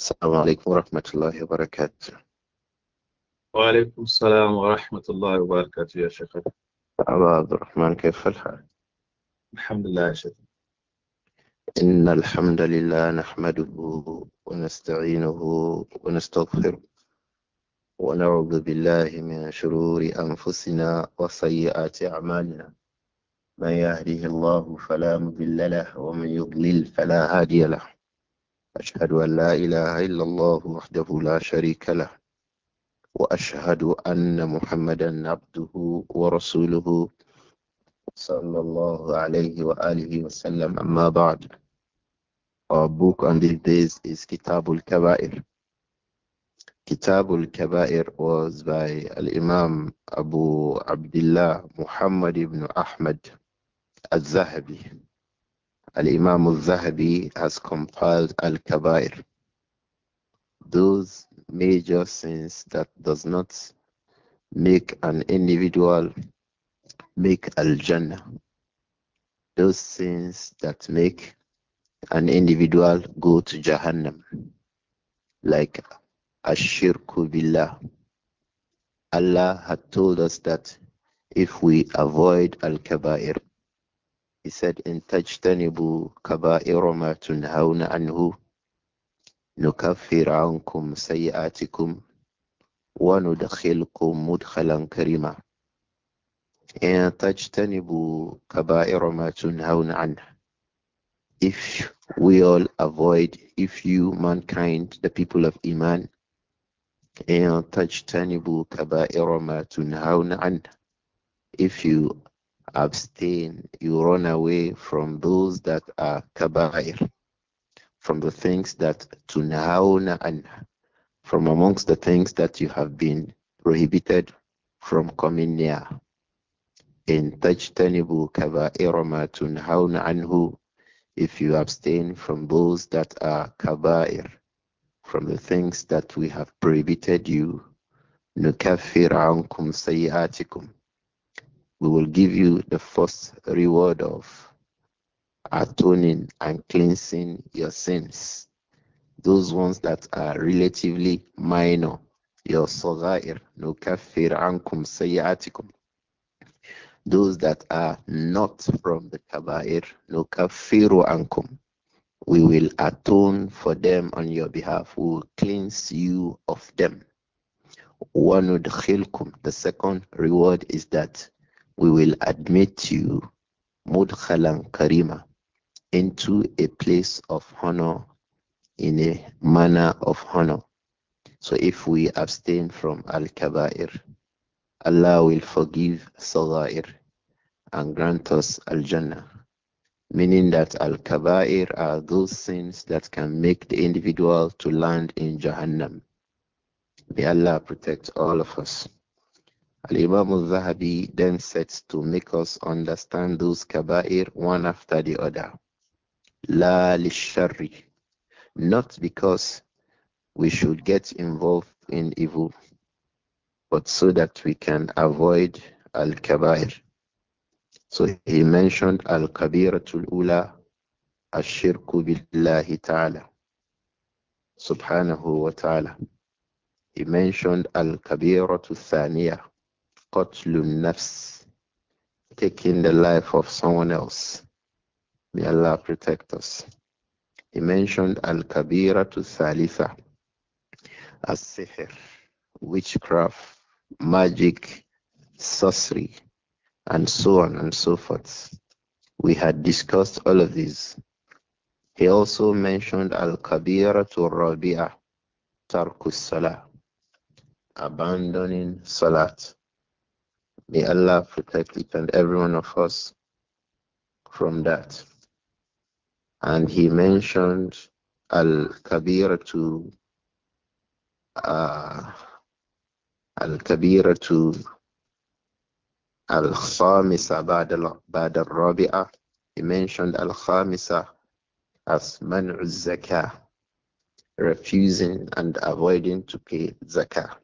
السلام عليكم ورحمة الله وبركاته وعليكم السلام ورحمة الله وبركاته يا شيخ أبا عبد الرحمن كيف الحال؟ الحمد لله يا شيخ إن الحمد لله نحمده ونستعينه ونستغفره ونعوذ بالله من شرور أنفسنا وسيئات أعمالنا من يهده الله فلا مضل له ومن يضلل فلا هادي له أشهد أن لا إله إلا الله وحده لا شريك له وأشهد أن محمدا عبده ورسوله صلى الله عليه وآله وسلم أما بعد Our book on these days is Kitabul Kabair. Kitabul Kabair was by Al Imam Abu Abdullah Muhammad ibn Ahmad Al Zahabi. Al Imam al Zahabi has compiled Al Kabair. Those major sins that does not make an individual make Al Jannah. Those sins that make an individual go to Jahannam, like Ashirku Billah. Allah had told us that if we avoid Al Kabair, he said, In tajtanibu kaba'irama tunhauna anhu, nukaffir ankum sayyatikum, wa nudkhilkum mudkhalan karima. In tajtanibu kaba'irama tunhauna anhu. If we all avoid, if you, mankind, the people of Iman, in tajtanibu kaba'irama tunhauna anhu. If you abstain, you run away from those that are kabair, from the things that tunahawna and from amongst the things that you have been prohibited from coming near. In tajtanibu kabair ma tunahawna anhu, if you abstain from those that are kabair, from the things that we have prohibited you, nukafir ankum sayyatikum we will give you the first reward of atoning and cleansing your sins. Those ones that are relatively minor, your sagair, no kafir ankum sayyatikum. Those that are not from the kabair, no kafiru ankum. We will atone for them on your behalf. We will cleanse you of them. وَنُدْخِلْكُمْ The second reward is that we will admit you mudkhalan karima into a place of honor in a manner of honor. So if we abstain from al kabair, Allah will forgive sagair and grant us al jannah. Meaning that al kabair are those sins that can make the individual to land in Jahannam. May Allah protect all of us. Al Imam Zahabi then sets to make us understand those kaba'ir one after the other. La lishari. Not because we should get involved in evil, but so that we can avoid al kaba'ir. So he mentioned al kabiratul ula, ashirku billahi ta'ala, subhanahu wa ta'ala. He mentioned al kabiratul thaniya qatlun nafs, taking the life of someone else. May Allah protect us. He mentioned al kabira to thalitha, as sihr, witchcraft, magic, sorcery, and so on and so forth. We had discussed all of these. He also mentioned al kabira to Rabia, tarkus salah, abandoning salat. May Allah protect each and every one of us from that. And he mentioned Al Kabira to uh, Al Kabira to Al Khamisa Bad al Rabi'ah. He mentioned Al Khamisa as Man'u Zakah, refusing and avoiding to pay Zakah.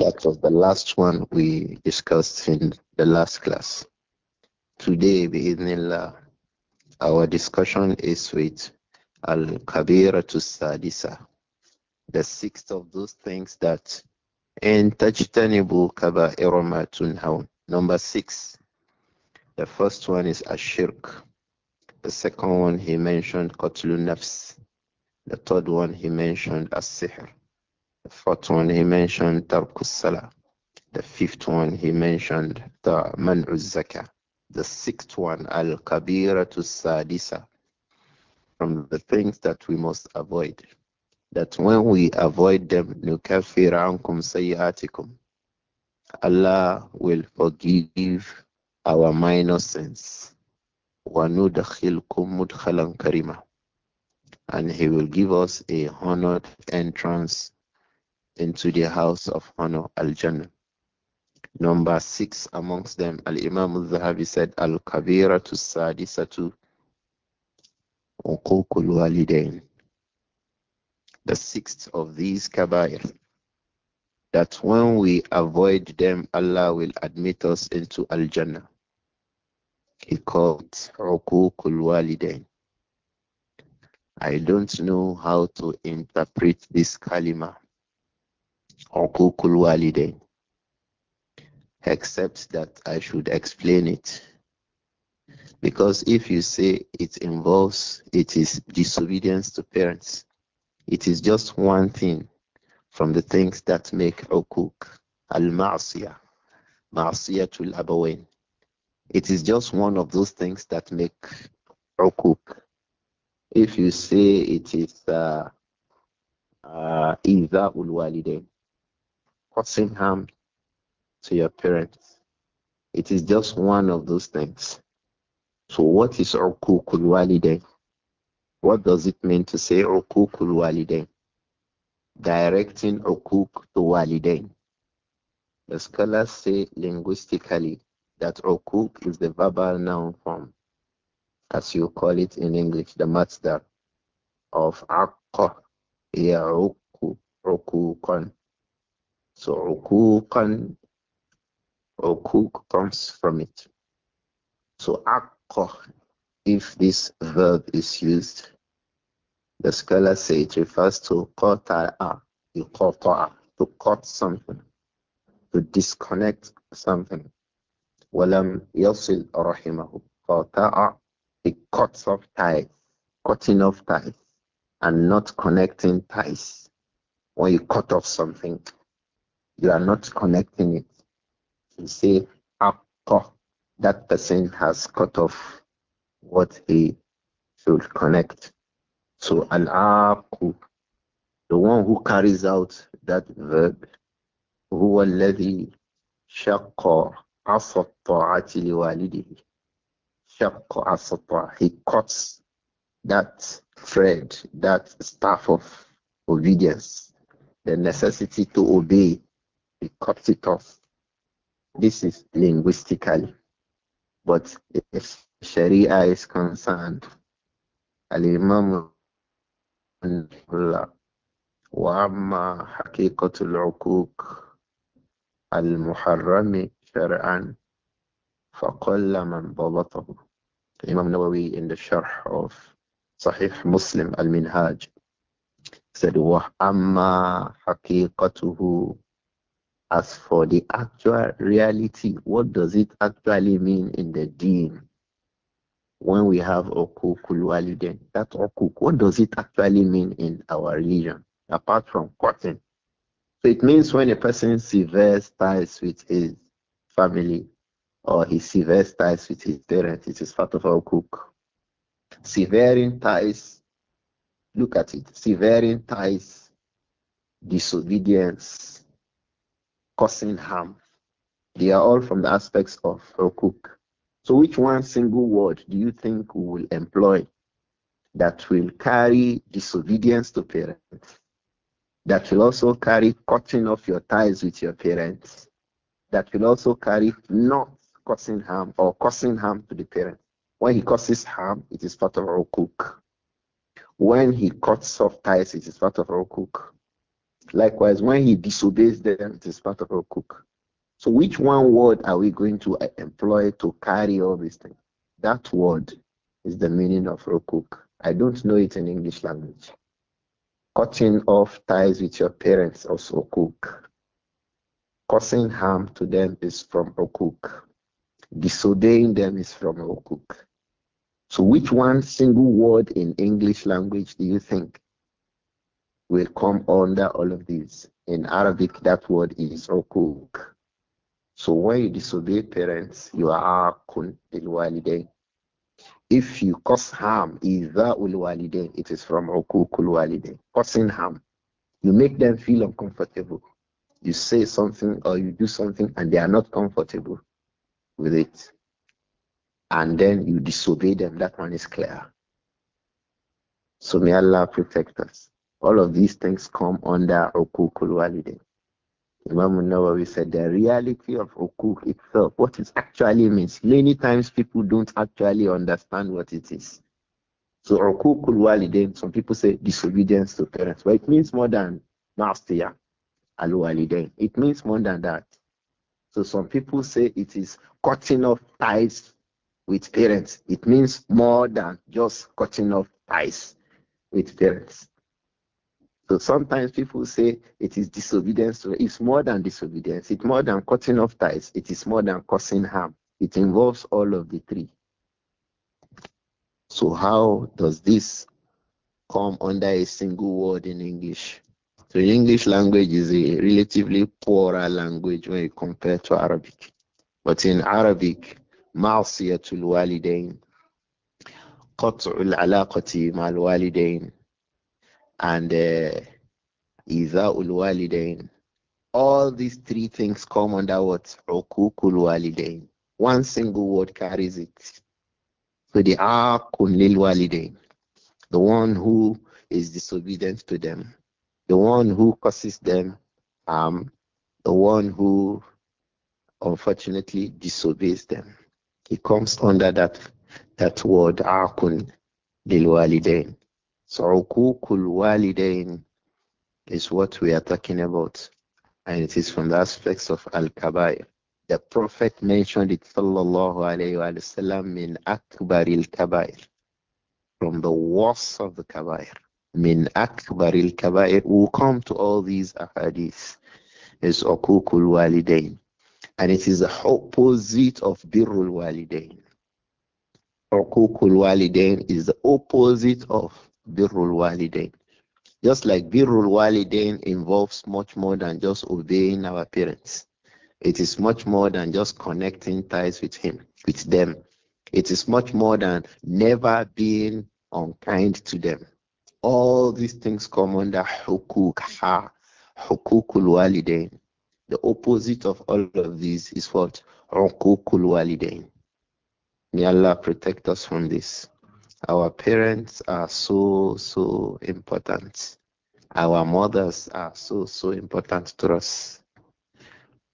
That was the last one we discussed in the last class. Today, bi'idhnillah, our discussion is with Al-Kabira to Sadisa, the sixth of those things that in Tajtanibu Kaba Eromatunhaun. Number six. The first one is Ashirk. The second one he mentioned Kotlun Nafs. The third one he mentioned As-Sihr. The fourth one he mentioned Tarkus Salah. The fifth one he mentioned the Man'uz The sixth one Al to Sadisa. From the things that we must avoid. That when we avoid them, Nukafir Ankum Sayyatikum. Allah will forgive our minor sins. وَنُدْخِلْكُمْ مُدْخَلًا karima, And He will give us a honored entrance into the house of honor, Al Jannah. Number six amongst them, Al Imam al Zahabi said, Al Kabira to Sadisatu Uqukul Walidain. The sixth of these Kabair, that when we avoid them, Allah will admit us into Al Jannah. He called Uqukul Walidain. I don't know how to interpret this kalima Uqukul Walidain. Except that I should explain it. Because if you say it involves, it is disobedience to parents, it is just one thing from the things that make uquk al-ma'siyah, ma'siyatul abawain. It is just one of those things that make uquk. If you say it is uh, uh, iza causing harm to your parents. It is just one of those things. So what is Urkukul Walidain? What does it mean to say Urkukul Walidain? Directing Urkuk to "walide". The scholars say linguistically that Urkuk is the verbal noun form, as you call it in English, the master of Aqqa, Ya'uku, Urkukon. So uquqan, uquq comes from it. So aqqa, if this verb is used, the scholar say it refers to qata'a, yuqata'a, to cut something, to disconnect something. Walam yasil rahimahu, qata'a, it cuts off ties, cutting off ties, and not connecting ties. When you cut off something, you are not connecting it. You say, after ah, oh, That person has cut off what he should connect. So, Al Aqu, the one who carries out that verb, who الذي شق عصى الطاعة لوالده شق عصى he cuts that thread that staff of obedience the necessity to obey it cuts it off. This is linguistically, but if Sharia is concerned, Al Imam Wama Hakikotul Okuk Al Muharrami Sharan Fakollaman Babatab. Imam Nawawi in the Sharh of Sahih Muslim Al Minhaj said, Wama Hakikotuhu. As for the actual reality, what does it actually mean in the deen? When we have okukul waliden, that okuk, what does it actually mean in our religion? Apart from cutting, So it means when a person severs ties with his family or he severs ties with his parents, it is part of our cook. Severing ties, look at it, severing ties, disobedience, causing harm. They are all from the aspects of hukuk. So, which one single word do you think we will employ that will carry disobedience to parents, that will also carry cutting off your ties with your parents, that will also carry not causing harm or causing harm to the parent. When he causes harm, it is part of our cook. When he cuts off ties, it is part of our cook. Likewise, when he disobeys them, it is part of a cook. So, which one word are we going to uh, employ to carry all these things? That word is the meaning of rokuk. I don't know it in English language. Cutting off ties with your parents is rokuk. Causing harm to them is from rokuk. Disobeying them is from rokuk. So, which one single word in English language do you think will come under all of these. In Arabic, that word is ukuk. So when you disobey parents, you are akun ilwalidain. If you cause harm, either walid. it is from ukuk walid. causing harm. You make them feel uncomfortable. You say something or you do something and they are not comfortable with it. And then you disobey them. That one is clear. So may Allah protect us. All of these things come under Ukukul know what we said the reality of Ukuk itself, what it actually means. Many times people don't actually understand what it is. So Ukukul Walidain, some people say disobedience to parents, but it means more than Mastiya Al Walidain. It means more than that. So some people say it is cutting off ties with parents. It means more than just cutting off ties with parents. So sometimes people say it is disobedience. It's more than disobedience. It's more than cutting off ties. It is more than causing harm. It involves all of the three. So how does this come under a single word in English? So English language is a relatively poorer language when compared to Arabic. But in Arabic, معصية الوالدين قطع العلاقة مع الوالدين and uh, Iza'ul uh, Walidain. All these three things come under what? Ukukul Walidain. One single word carries it. So the Akun Lil Walidain, the one who is disobedient to them, the one who causes them um, the one who unfortunately disobeys them. He comes under that that word Akun Lil Walidain. So walidain is what we are talking about. And it is from the aspects of Al Kabair. The Prophet mentioned it sallallahu alayhi wa sallam in Akbaril Kabair. From the worst of the Kabair. Min Akbaril Kabair. We'll come to all these ahadith. Is Ukukul walidain. And it is the opposite of Birul walidain. Ukukul walidain is the opposite of birrul walidain. Just like birrul walidain involves much more than just obeying our parents. It is much more than just connecting ties with him, with them. It is much more than never being unkind to them. All these things come under ha, hukukul walidain. The opposite of all of these is what? Hukukul walidain. May Allah protect us from this. Our parents are so, so important. Our mothers are so, so important to us,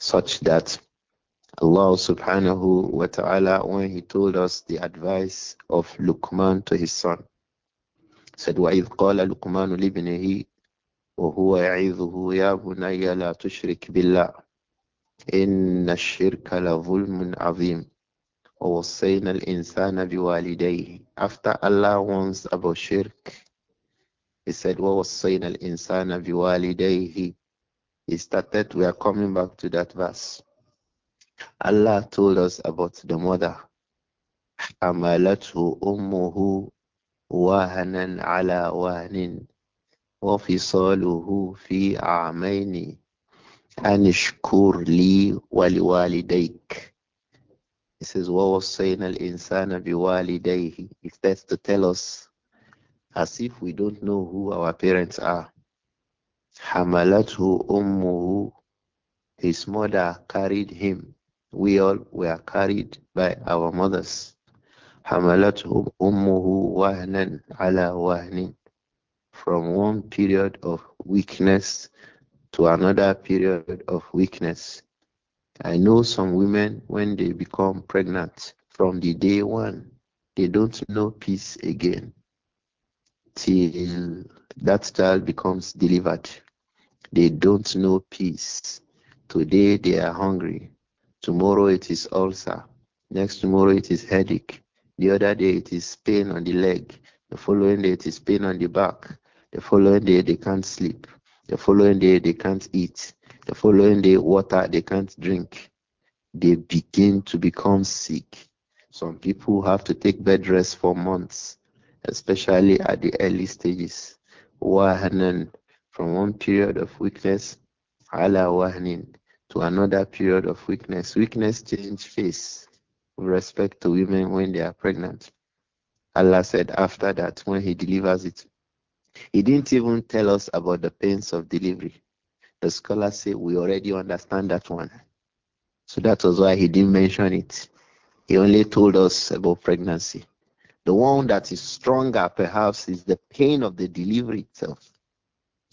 such that Allah subhanahu wa ta'ala, when He told us the advice of Luqman to his son, said, وَإِذْ قَالَ لُقْمَانُ لِابْنِهِ وهو يعظه يا بني لا تشرك بالله إن الشرك لظلم عظيم وَوَصَّيْنَا الْإِنسَانَ بِوَالِدَيْهِ After Allah warns about shirk, He said, وَوَصَّيْنَا الْإِنسَانَ بِوَالِدَيْهِ He started, we are coming back to that verse. Allah told us about the mother. حملته أمه وهنا على وهن وفصاله في عامين أن اشكر لي ولوالديك he says, وَوَصَّيْنَا الْإِنسَانَ بِوَالِدَيْهِ It starts to tell us as if we don't know who our parents are. حَمَلَتْهُ Ummuhu, His mother carried him. We all were carried by our mothers. حَمَلَتْهُ Ummuhu وَهْنًا ala وَهْنٍ From one period of weakness to another period of weakness. I know some women, when they become pregnant from the day one, they don't know peace again till that child becomes delivered. They don't know peace. Today they are hungry. Tomorrow it is ulcer. Next tomorrow it is headache. The other day it is pain on the leg. The following day it is pain on the back. The following day they can't sleep. The following day they can't eat following day, water they can't drink. They begin to become sick. Some people have to take bed rest for months, especially at the early stages. Wahanan, from one period of weakness, Allah wahanin, to another period of weakness. Weakness change face with respect to women when they are pregnant. Allah said after that, when He delivers it, He didn't even tell us about the pains of delivery. The scholars say we already understand that one. So that was why he didn't mention it. He only told us about pregnancy. The one that is stronger, perhaps, is the pain of the delivery itself.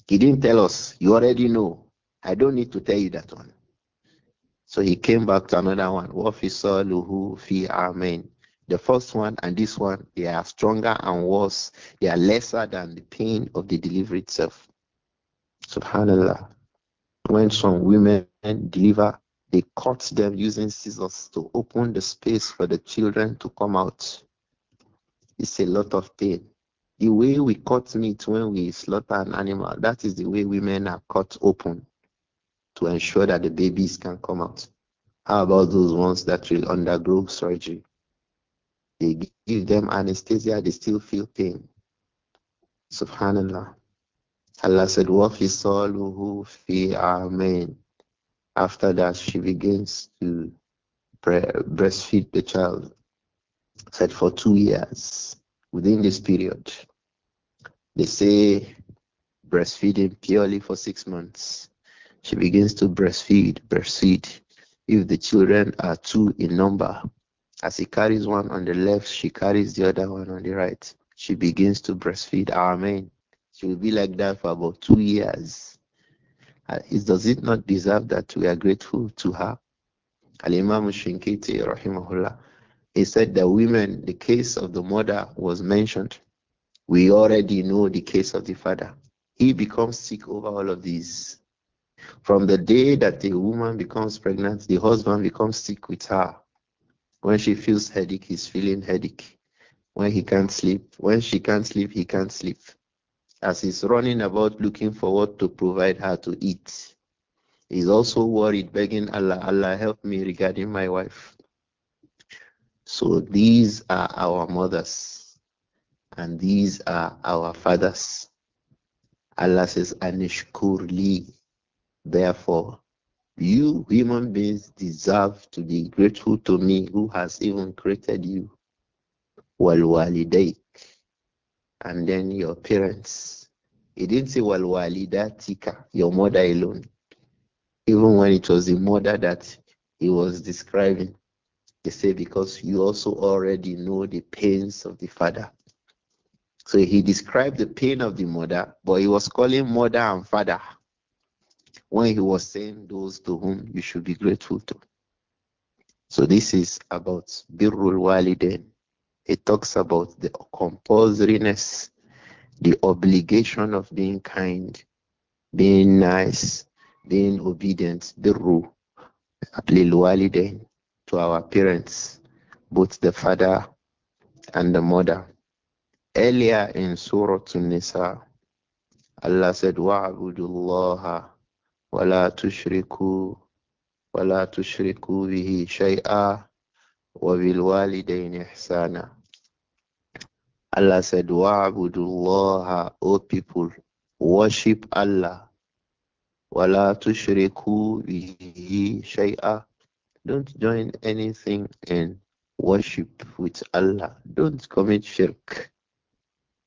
He didn't tell us. You already know. I don't need to tell you that one. So he came back to another one. Wafisaluhu fi amen. The first one and this one, they are stronger and worse. They are lesser than the pain of the delivery itself. Subhanallah. When some women deliver, they cut them using scissors to open the space for the children to come out. It's a lot of pain. The way we cut meat when we slaughter an animal, that is the way women are cut open to ensure that the babies can come out. How about those ones that will undergo surgery? They give them anesthesia, they still feel pain. Subhanallah. Allah said, وَفِصَالُهُ fi عَامَيْنِ After that, she begins to breastfeed the child. Said for two years. Within this period, they say breastfeeding purely for six months. She begins to breastfeed, breastfeed. If the children are two in number, as he carries one on the left, she carries the other one on the right. She begins to breastfeed. Amen. She will be like that for about two years. does it not deserve that we are grateful to her? Al Imam Shinkiti rahimahullah, he said that women, the case of the mother was mentioned. We already know the case of the father. He becomes sick over all of these. From the day that the woman becomes pregnant, the husband becomes sick with her. When she feels headache, he's feeling headache. When he can't sleep, when she can't sleep, he can't sleep as he's running about looking for what to provide her to eat. He's also worried, begging Allah, Allah help me regarding my wife. So these are our mothers and these are our fathers. Allah says, Anishkurli. Therefore, you human beings deserve to be grateful to me who has even created you. Walwaliday and then your parents. He didn't say that tika, your mother alone. Even when it was the mother that he was describing, he said because you also already know the pains of the father. So he described the pain of the mother, but he was calling mother and father when he was saying those to whom you should be grateful to. So this is about birrul Walidin. It talks about the compulsoriness, the obligation of being kind, being nice, being obedient, the lilwalidain, to our parents, both the father and the mother. Earlier in Surah an Allah said, وَعْبُدُ اللَّهَ وَلَا تُشْرِكُوا وَلَا تُشْرِكُوا بِهِ شَيْئًا وَبِالْوَالِدَيْنِ إِحْسَانًا Allah said, Wa'budullaha, O people, worship Allah. Wala tushriku bihi shay'a. Don't join anything in worship with Allah. Don't commit shirk.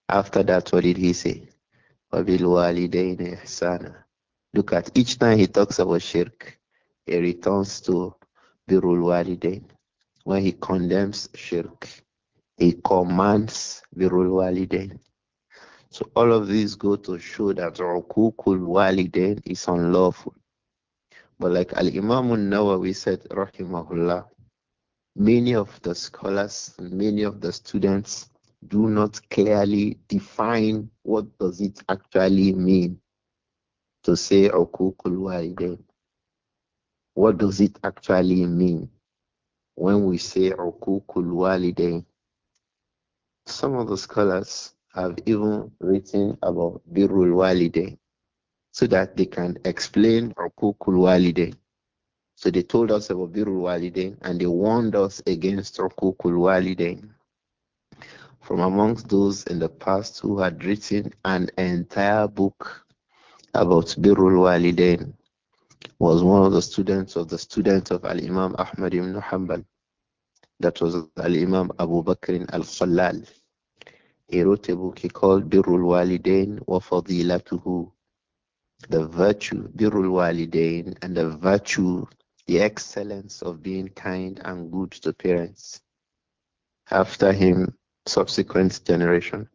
After that, what did he say? وَبِالْوَالِدَيْنِ إِحْسَانًا Look at each time he talks about shirk, he returns to birul walidain when he condemns shirk he commands the birrul walidain. So all of these go to show that Rukukul walidain is unlawful. But like Al Imam Nawawi said, rahimahullah, many of the scholars, many of the students do not clearly define what does it actually mean to say Rukukul walidain. What does it actually mean when we say Rukukul walidain? Some of the scholars have even written about Birul Walide so that they can explain Rukukul Walide. So they told us about Birul Walide and they warned us against Rukukul Walide. From amongst those in the past who had written an entire book about Birul Walide was one of the students of the student of Al Imam Ahmad ibn Hanbal. That was Al Imam Abu Bakr al Khalal he wrote a book he called Birul Walidain wa Fadilatuhu. The virtue, Birul Walidain, and the virtue, the excellence of being kind and good to parents. After him, subsequent generation,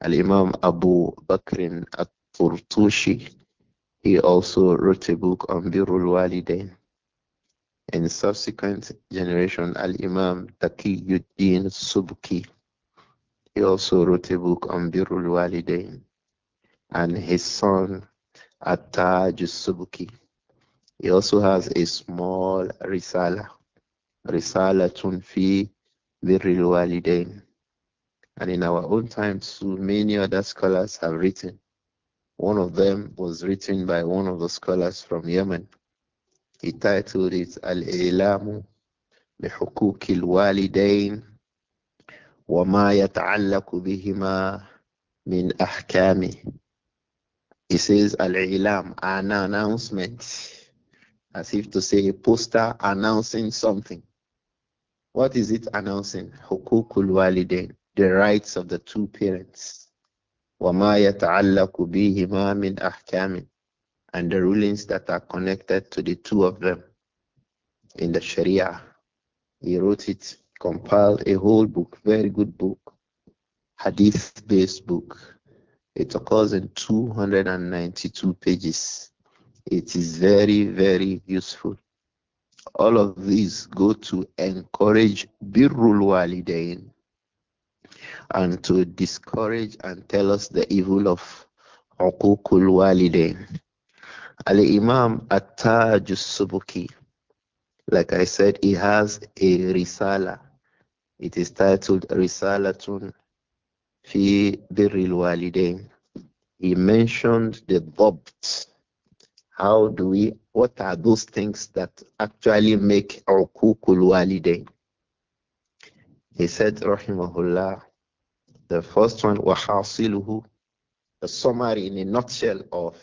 Al Imam Abu Bakr at Turtushi, he also wrote a book on Birul Walidain. In subsequent generation, Al Imam Taqiyuddin Subki, he also wrote a book on Birul Walidain and his son Atta Jusubuki. He also has a small risala, Risala Tunfi Birul Walidain. And in our own time, too, many other scholars have written. One of them was written by one of the scholars from Yemen. He titled it Al Ilamu Bihukukil Walidain وما يتعلق بهما من أحكام He says al-ilam, an announcement, as if to say a poster announcing something. What is it announcing? Hukukul walidain, the rights of the two parents. وما يتعلق بهما من أحكام and the rulings that are connected to the two of them in the Sharia. He wrote it compiled a whole book, very good book, hadith based book. It occurs in 292 pages. It is very, very useful. All of these go to encourage birrul walidain and to discourage and tell us the evil of uqukul walidain. Al-Imam Ata Jusubuki. like I said, he has a risala. It is titled Risalatun fi Birril Walidain. He mentioned the dhabts. How do we, what are those things that actually make Ukukul Walidain? He said, Rahimahullah, the first one, Wahasiluhu, the summary in a nutshell of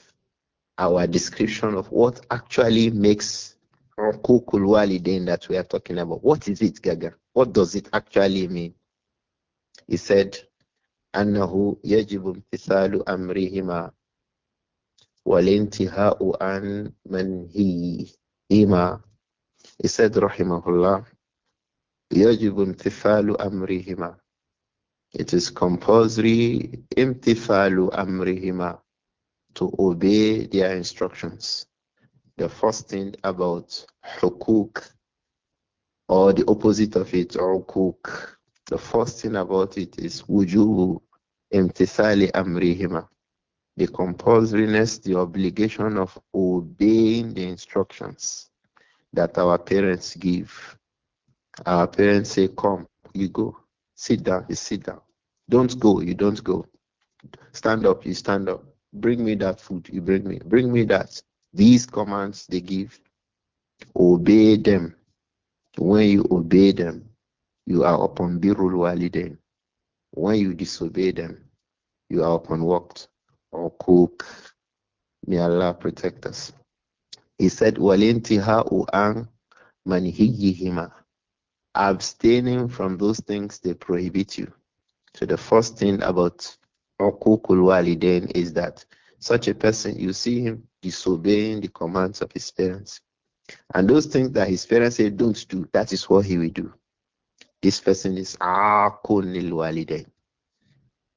our description of what actually makes Uqukul walidain that we are talking about. What is it, Gaga? What does it actually mean? He said, أنه يجب امتثال أمرهما والانتهاء عن منهيهما. He said, "Rahimahullah, yajibum يجب امتثال It is compulsory امتثال أمرهما to obey their instructions the first thing about hukuk or the opposite of it, or hukuk. The first thing about it is wujubu imtithali amrihima, the compulsoriness, the obligation of obeying the instructions that our parents give. Our parents say, come, you go. Sit down, you sit down. Don't go, you don't go. Stand up, you stand up. Bring me that food, you bring me. Bring me that. These commands they give, obey them. When you obey them, you are upon birul walidain. When you disobey them, you are upon what? Or cook. May Allah protect us. He said, u'ang an hima, Abstaining from those things they prohibit you. So the first thing about Okukul Walidain is that such a person, you see him, disobeying the commands of his parents. And those things that his parents say don't do, that is what he will do. This person is Akunil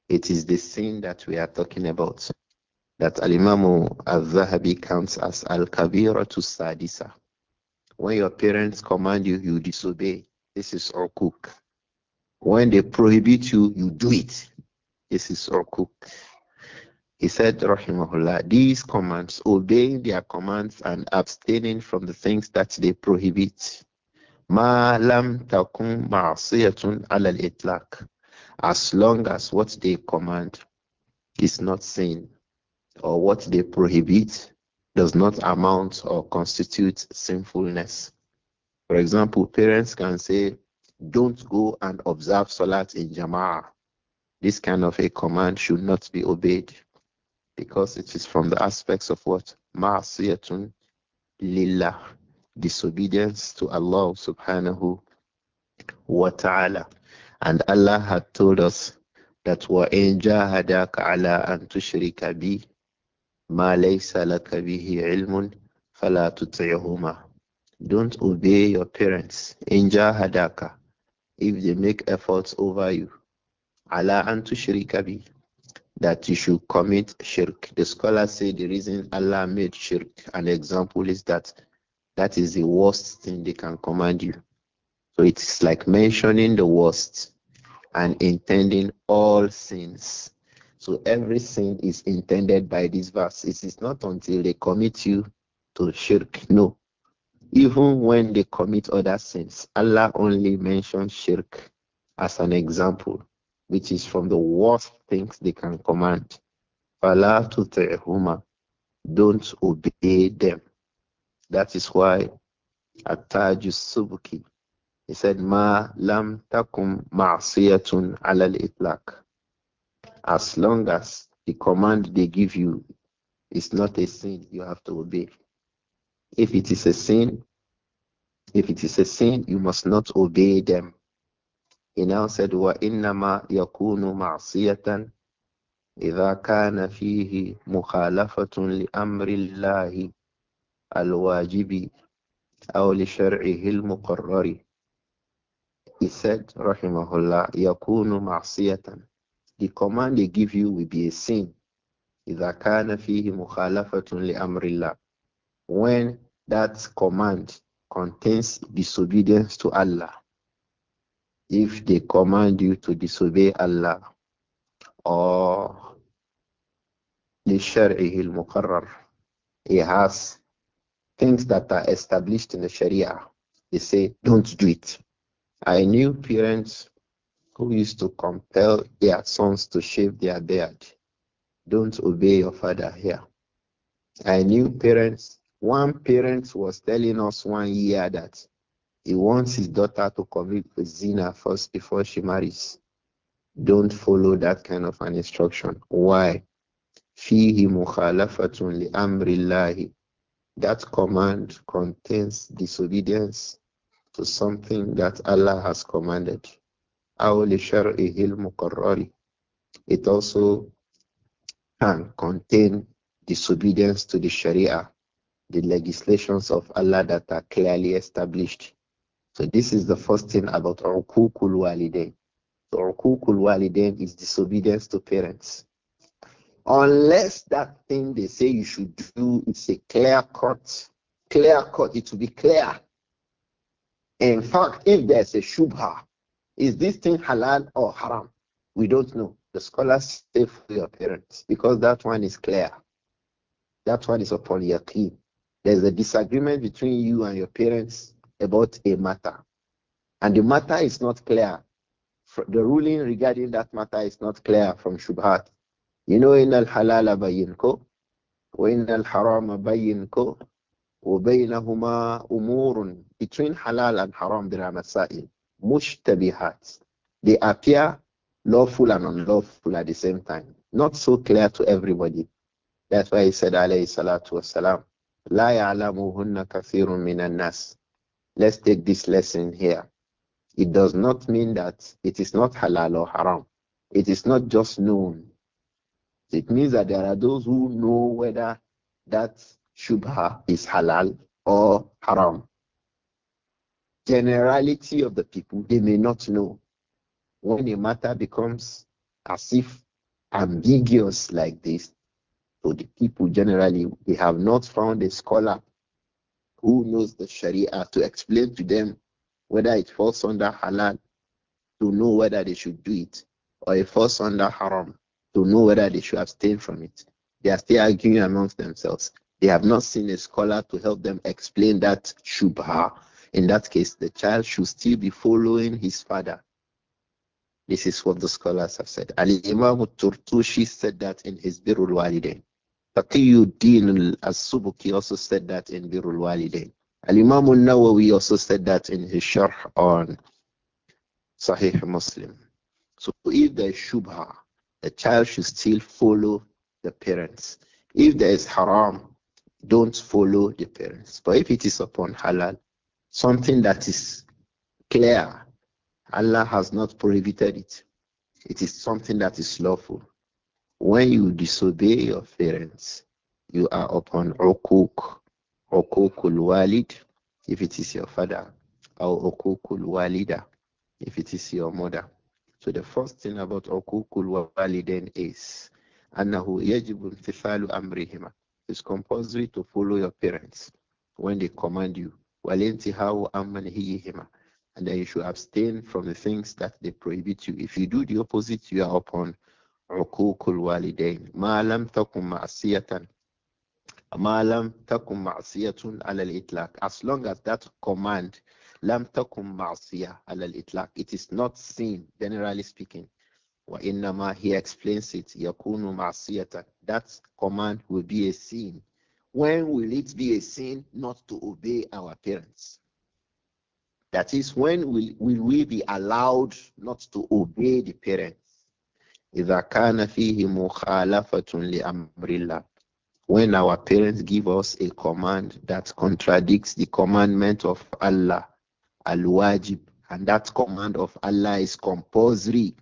It is the sin that we are talking about that alimamu Imam Al Zahabi counts as Al Kabira to Sadisa. When your parents command you, you disobey. This is Urkuk. When they prohibit you, you do it. This is Urkuk. He said, Rahimahullah, these commands, obeying their commands and abstaining from the things that they prohibit. Ma lam takum ma'asiyatun alal itlaq. As long as what they command is not sin or what they prohibit does not amount or constitute sinfulness. For example, parents can say, don't go and observe salat in jama'ah. This kind of a command should not be obeyed because it is from the aspects of what ma'asiyatun lillah disobedience to Allah subhanahu wa ta'ala and Allah had told us that wa in jahadaka ala an tushrika bi ma laysa laka bihi ilmun fala tuti'huma don't obey your parents in jahadaka if they make efforts over you ala an tushrika bi that you should commit shirk. The scholars say the reason Allah made shirk an example is that that is the worst thing they can command you. So it's like mentioning the worst and intending all sins. So every sin is intended by this verse. It is not until they commit you to shirk. No. Even when they commit other sins, Allah only mentions shirk as an example which is from the worst things they can command. Allah فَلَا تُطِعْهُمَا Don't obey them. That is why Attaj Subki he said ma lam takum ma'siyatun alal itlak. As long as the command they give you is not a sin, you have to obey. If it is a sin, if it is a sin, you must not obey them. He now said, وَإِنَّمَا يَكُونُ مَعْصِيَةً إِذَا كَانَ فِيهِ مُخَالَفَةٌ لِأَمْرِ اللَّهِ الْوَاجِبِ أَوْ لِشَرْعِهِ الْمُقَرَّرِ He said, Rahimahullah, يَكُونُ مَعْصِيَةً The command they give you will be a sin. إِذَا كَانَ فِيهِ مُخَالَفَةٌ لِأَمْرِ اللَّهِ When that command contains disobedience to Allah, if they command you to disobey Allah or لشرعه Mukarrar, he has things that are established in the Sharia they say don't do it I knew parents who used to compel their sons to shave their beard don't obey your father here I knew parents one parent was telling us one year that he wants his daughter to commit zina first before she marries. Don't follow that kind of an instruction. Why? That command contains disobedience to something that Allah has commanded. It also can contain disobedience to the Sharia, the legislations of Allah that are clearly established. So this is the first thing about uqukul walidain. So uqukul walidain is disobedience to parents. Unless that thing they say you should do is a clear cut, clear cut, it will be clear. In fact, if there's a shubha, is this thing halal or haram? We don't know. The scholars say for your parents because that one is clear. That one is upon your There's a disagreement between you and your parents about a matter, and the matter is not clear, the ruling regarding that matter is not clear from Shubhat. You know, in al halal bayinko, wa in al haram bayinko, wa baynahuma umurun. Between halal and haram, there are masail, mushtabihat. They appear lawful and unlawful at the same time. Not so clear to everybody. That's why he said, alayhi salatu wasalam, لا ya'lamuhunna كثير من الناس. Let's take this lesson here. It does not mean that it is not halal or haram. It is not just known. It means that there are those who know whether that shubha is halal or haram. Generality of the people, they may not know. When a matter becomes as if ambiguous like this, so the people generally, they have not found a scholar who knows the Sharia to explain to them whether it falls under halal to know whether they should do it or it falls under haram to know whether they should abstain from it. They are still arguing amongst themselves. They have not seen a scholar to help them explain that shubha. In that case, the child should still be following his father. This is what the scholars have said. Ali Imam Turtushi said that in his Birul Walidain. Taqiyuddin al-Subuki also said that in Birul Walidain. Al-Imam al-Nawawi also said that in his Sharh on Sahih Muslim. So if there is shubha, the child should still follow the parents. If there is haram, don't follow the parents. But if it is upon halal, something that is clear, Allah has not prohibited it. It is something that is lawful. When you disobey your parents, you are upon Okuk, Okukul Walid, if it is your father, or Okukul Walida, if it is your mother. So the first thing about Okukul Waliden is Annahu Yajibu Tifalu Amrihima. It's compulsory to follow your parents when they command you. Walintihawu Ammanhiyihima and then you should abstain from the things that they prohibit you. If you do the opposite, you are upon عقوق الوالدين ما لم تكن معصية ما لم تكن معصية على الإطلاق as long as that command لم تكن معصية على الإطلاق it is not sin generally speaking وإنما he explains it يكون معصية that command will be a sin when will it be a sin not to obey our parents that is when will, will we be allowed not to obey the parent إذا كان فيه مخالفة لأمر الله when our parents give us a command that contradicts the commandment of Allah al-wajib and that command of Allah is compulsory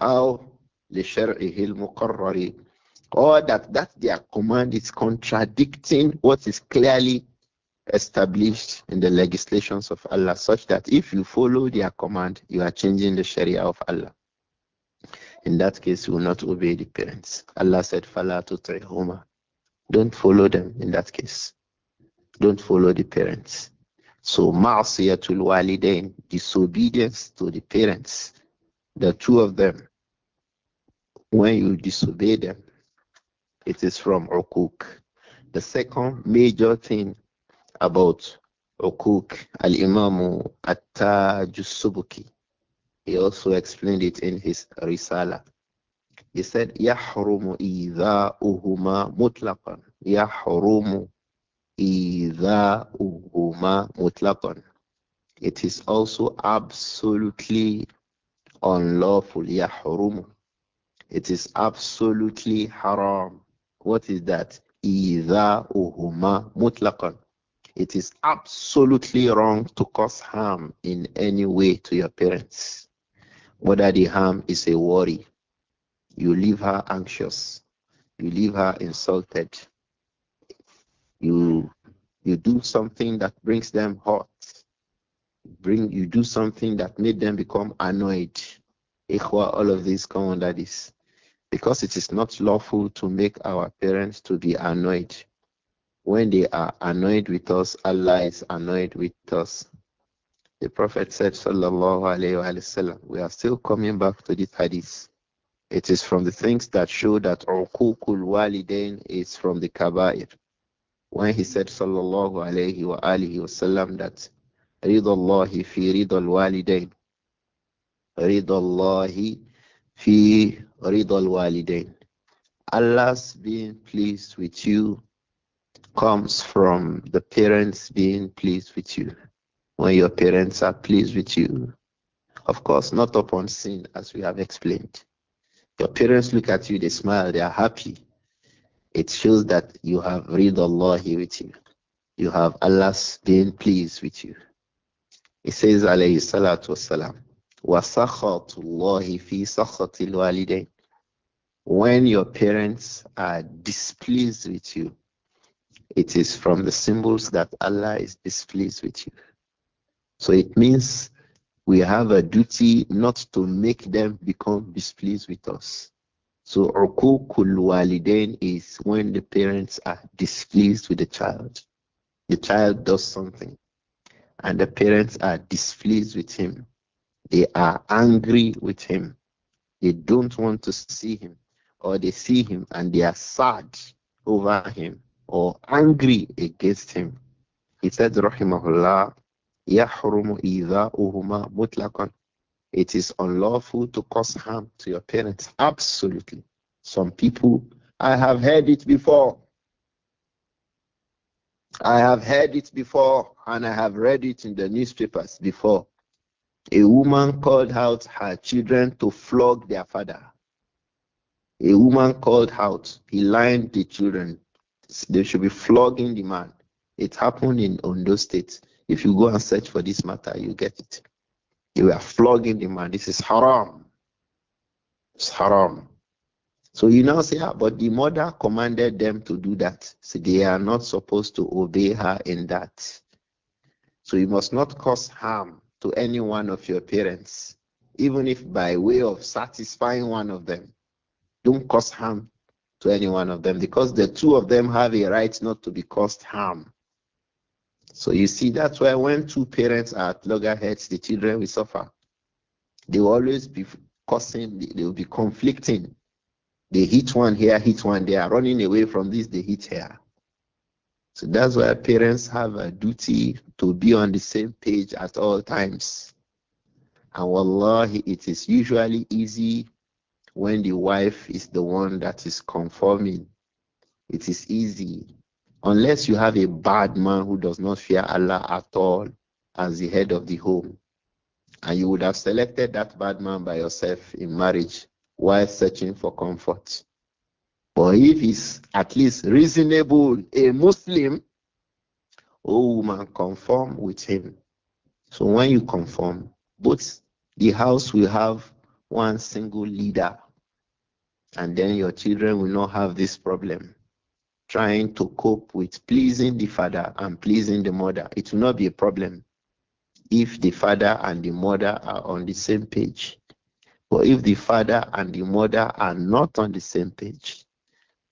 أو لشرعه المقرر or that that their command is contradicting what is clearly established in the legislations of Allah such that if you follow their command you are changing the sharia of Allah in that case, you will not obey the parents. Allah said, Fala tu'trihuma." Don't follow them in that case. Don't follow the parents. So ma'asiyatul walidain, disobedience to the parents, the two of them. When you disobey them, it is from ukuk. The second major thing about ukuk, al-imamu at he also explained it in his Risala. He said, uhuma إِذَاؤُهُمَا Yahrumu ida uhuma مُطْلَقًا It is also absolutely unlawful. Yahrumu. It is absolutely haram. What is that? uhuma مُطْلَقًا It is absolutely wrong to cause harm in any way to your parents whether the harm is a worry. You leave her anxious. You leave her insulted. You you do something that brings them hurt. Bring you do something that made them become annoyed. all of these come under this. Because it is not lawful to make our parents to be annoyed. When they are annoyed with us, Allah is annoyed with us. The Prophet said, Sallallahu Alayhi Wasallam, we are still coming back to this hadith. It is from the things that show that Uqukul Walidain is from the Kaba'ir. When he said, Sallallahu Alaihi Wasallam, that Ridallahi fi Ridal Walidain. Ridallahi fi Ridal Walidain. Allah's being pleased with you comes from the parents being pleased with you when your parents are pleased with you. Of course, not upon sin, as we have explained. Your parents look at you, they smile, they are happy. It shows that you have read Allah here with you. You have Allah's being pleased with you. It says, alayhi salatu wasalam, وَسَخَطُ فِي سَخَطِ الْوَالِدَيْنِ When your parents are displeased with you, it is from the symbols that Allah is displeased with you. So it means we have a duty not to make them become displeased with us. So ukukul walidain is when the parents are displeased with the child. The child does something and the parents are displeased with him. They are angry with him. They don't want to see him or they see him and they are sad over him or angry against him. He said, Rahimahullah, يَحْرُمُ مُطْلَقًا It is unlawful to cause harm to your parents. Absolutely. Some people, I have heard it before. I have heard it before and I have read it in the newspapers before. A woman called out her children to flog their father. A woman called out, he lined the children. They should be flogging the man. It happened in Ondo State. If you go and search for this matter, you get it. You are flogging the man. This is haram. It's haram. So you now say, ah, but the mother commanded them to do that. So they are not supposed to obey her in that. So you must not cause harm to any one of your parents, even if by way of satisfying one of them. Don't cause harm to any one of them because the two of them have a right not to be caused harm. So you see, that's why when two parents are at loggerheads, the children will suffer. They will always be causing, they will be conflicting. They hit one here, hit one They are running away from this, they hit here. So that's why parents have a duty to be on the same page at all times. And wallahi, it is usually easy when the wife is the one that is conforming. It is easy Unless you have a bad man who does not fear Allah at all as the head of the home, and you would have selected that bad man by yourself in marriage while searching for comfort. But if he's at least reasonable, a Muslim, oh woman, conform with him. So when you conform, both the house will have one single leader, and then your children will not have this problem trying to cope with pleasing the father and pleasing the mother. It will not be a problem if the father and the mother are on the same page. But if the father and the mother are not on the same page,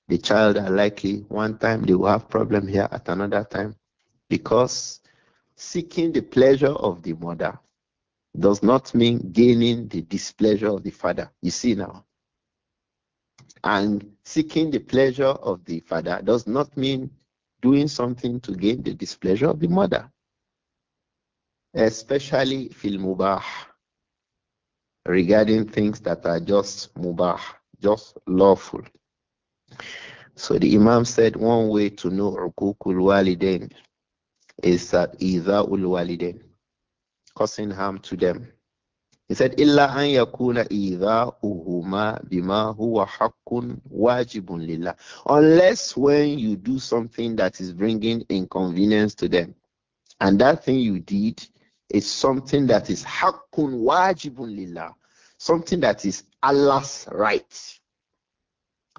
the child are likely one time they will have problem here at another time because seeking the pleasure of the mother does not mean gaining the displeasure of the father. You see now, and seeking the pleasure of the father does not mean doing something to gain the displeasure of the mother, especially fil mubah, regarding things that are just mubah, just lawful. So the Imam said one way to know ukukul walidain is that ul walidin, causing harm to them. He said, Illa an yakuna ida uhuma bima huwa hakun wajibun lillah. Unless when you do something that is bringing inconvenience to them. And that thing you did is something that is hakun wajibun lillah. Something that is Allah's right.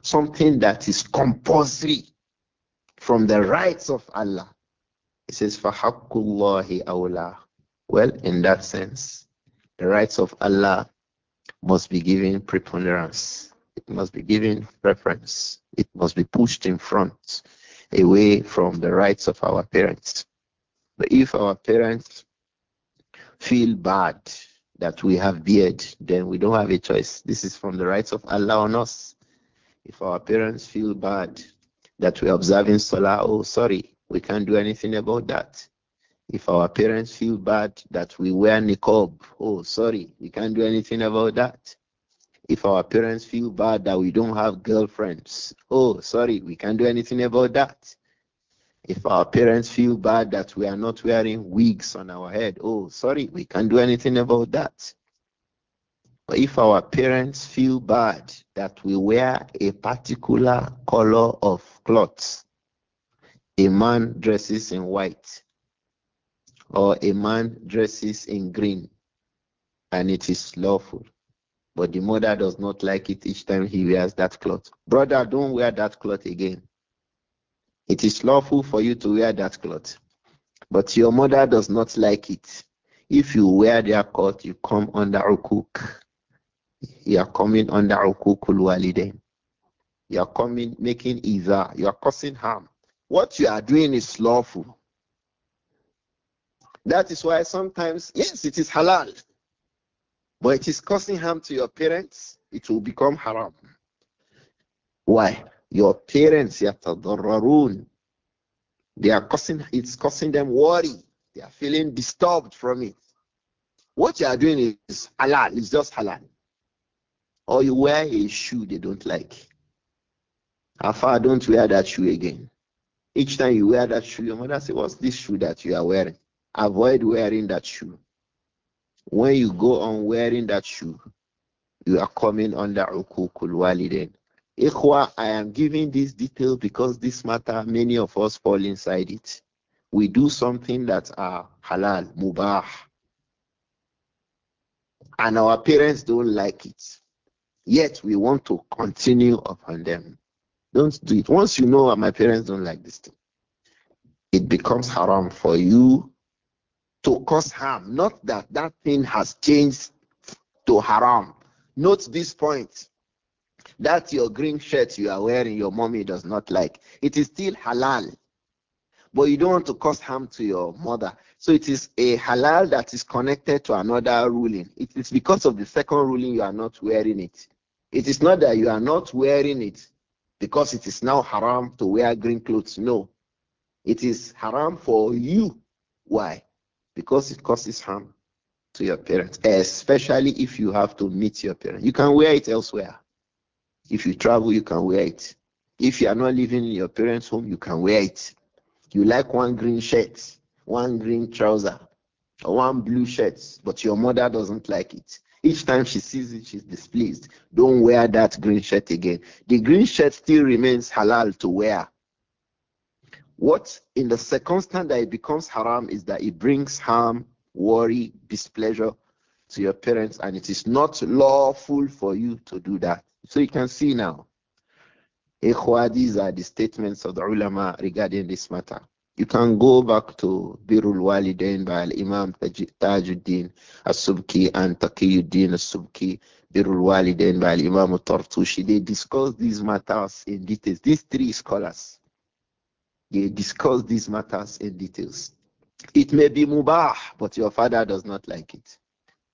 Something that is compulsory from the rights of Allah. It says, فَحَقُّ اللَّهِ أَوْلَى Well, in that sense, the rights of Allah must be given preponderance. It must be given preference. It must be pushed in front, away from the rights of our parents. But if our parents feel bad that we have beard, then we don't have a choice. This is from the rights of Allah on us. If our parents feel bad that we're observing Salah, oh, sorry, we can't do anything about that. If our parents feel bad that we wear niqab, oh, sorry, we can't do anything about that. If our parents feel bad that we don't have girlfriends, oh, sorry, we can't do anything about that. If our parents feel bad that we are not wearing wigs on our head, oh, sorry, we can't do anything about that. But if our parents feel bad that we wear a particular color of clothes, a man dresses in white, or a man dresses in green and it is lawful. But the mother does not like it each time he wears that cloth. Brother, don't wear that cloth again. It is lawful for you to wear that cloth, but your mother does not like it. If you wear their cloth, you come under ukuk. You are coming under ukukul waliden. You are coming, making either. You are causing harm. What you are doing is lawful. That is why sometimes, yes, it is halal, but it is causing harm to your parents, it will become haram. Why? Your parents, yatadarrarun, they are causing, it's causing them worry. They are feeling disturbed from it. What you are doing is halal, it's just halal. Or you wear a shoe they don't like. Afa, don't wear that shoe again. Each time you wear that shoe, your mother says, What's this shoe that you are wearing? Avoid wearing that shoe. When you go on wearing that shoe, you are coming under Ukukul Waliden. Ikhwa, I am giving this detail because this matter, many of us fall inside it. We do something that are halal, mubah. And our parents don't like it. Yet we want to continue upon them. Don't do it. Once you know my parents don't like this thing, it becomes haram for you to cause harm, not that that thing has changed to haram. Note this point. That your green shirt you are wearing, your mommy does not like. It is still halal, but you don't want to cause harm to your mother. So it is a halal that is connected to another ruling. It is because of the second ruling you are not wearing it. It is not that you are not wearing it because it is now haram to wear green clothes. No, it is haram for you. Why? because it causes harm to your parents, especially if you have to meet your parents. You can wear it elsewhere. If you travel, you can wear it. If you are not living in your parents' home, you can wear it. You like one green shirt, one green trouser, or one blue shirt, but your mother doesn't like it. Each time she sees it, she's displeased. Don't wear that green shirt again. The green shirt still remains halal to wear what in the circumstance that it becomes haram is that it brings harm, worry, displeasure to your parents, and it is not lawful for you to do that. So you can see now. these are the statements of the ulama regarding this matter. You can go back to Birul Walidain by al Imam Tajuddin As-Subki and Taqiyuddin As-Subki, Birul Walidain by al Imam Tartushi. They discuss these matters in details. These three scholars, they discuss these matters in details. It may be mubah, but your father does not like it.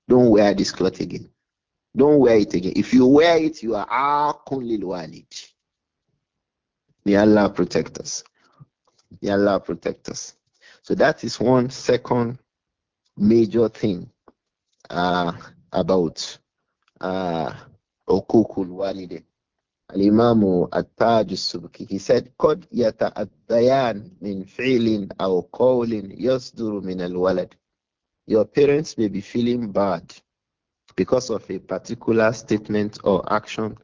Don't wear this cloth again. Don't wear it again. If you wear it, you are akun lil walid. May Allah protect us. May Allah protect us. So that is one second major thing uh, about uh, okukul Al-Imam At-Taj he said, قَدْ يَتَأَدَّيَانْ مِنْ فِعْلٍ أَوْ قَوْلٍ يَصْدُرُ مِنَ الْوَلَدِ Your parents may be feeling bad because of a particular statement or action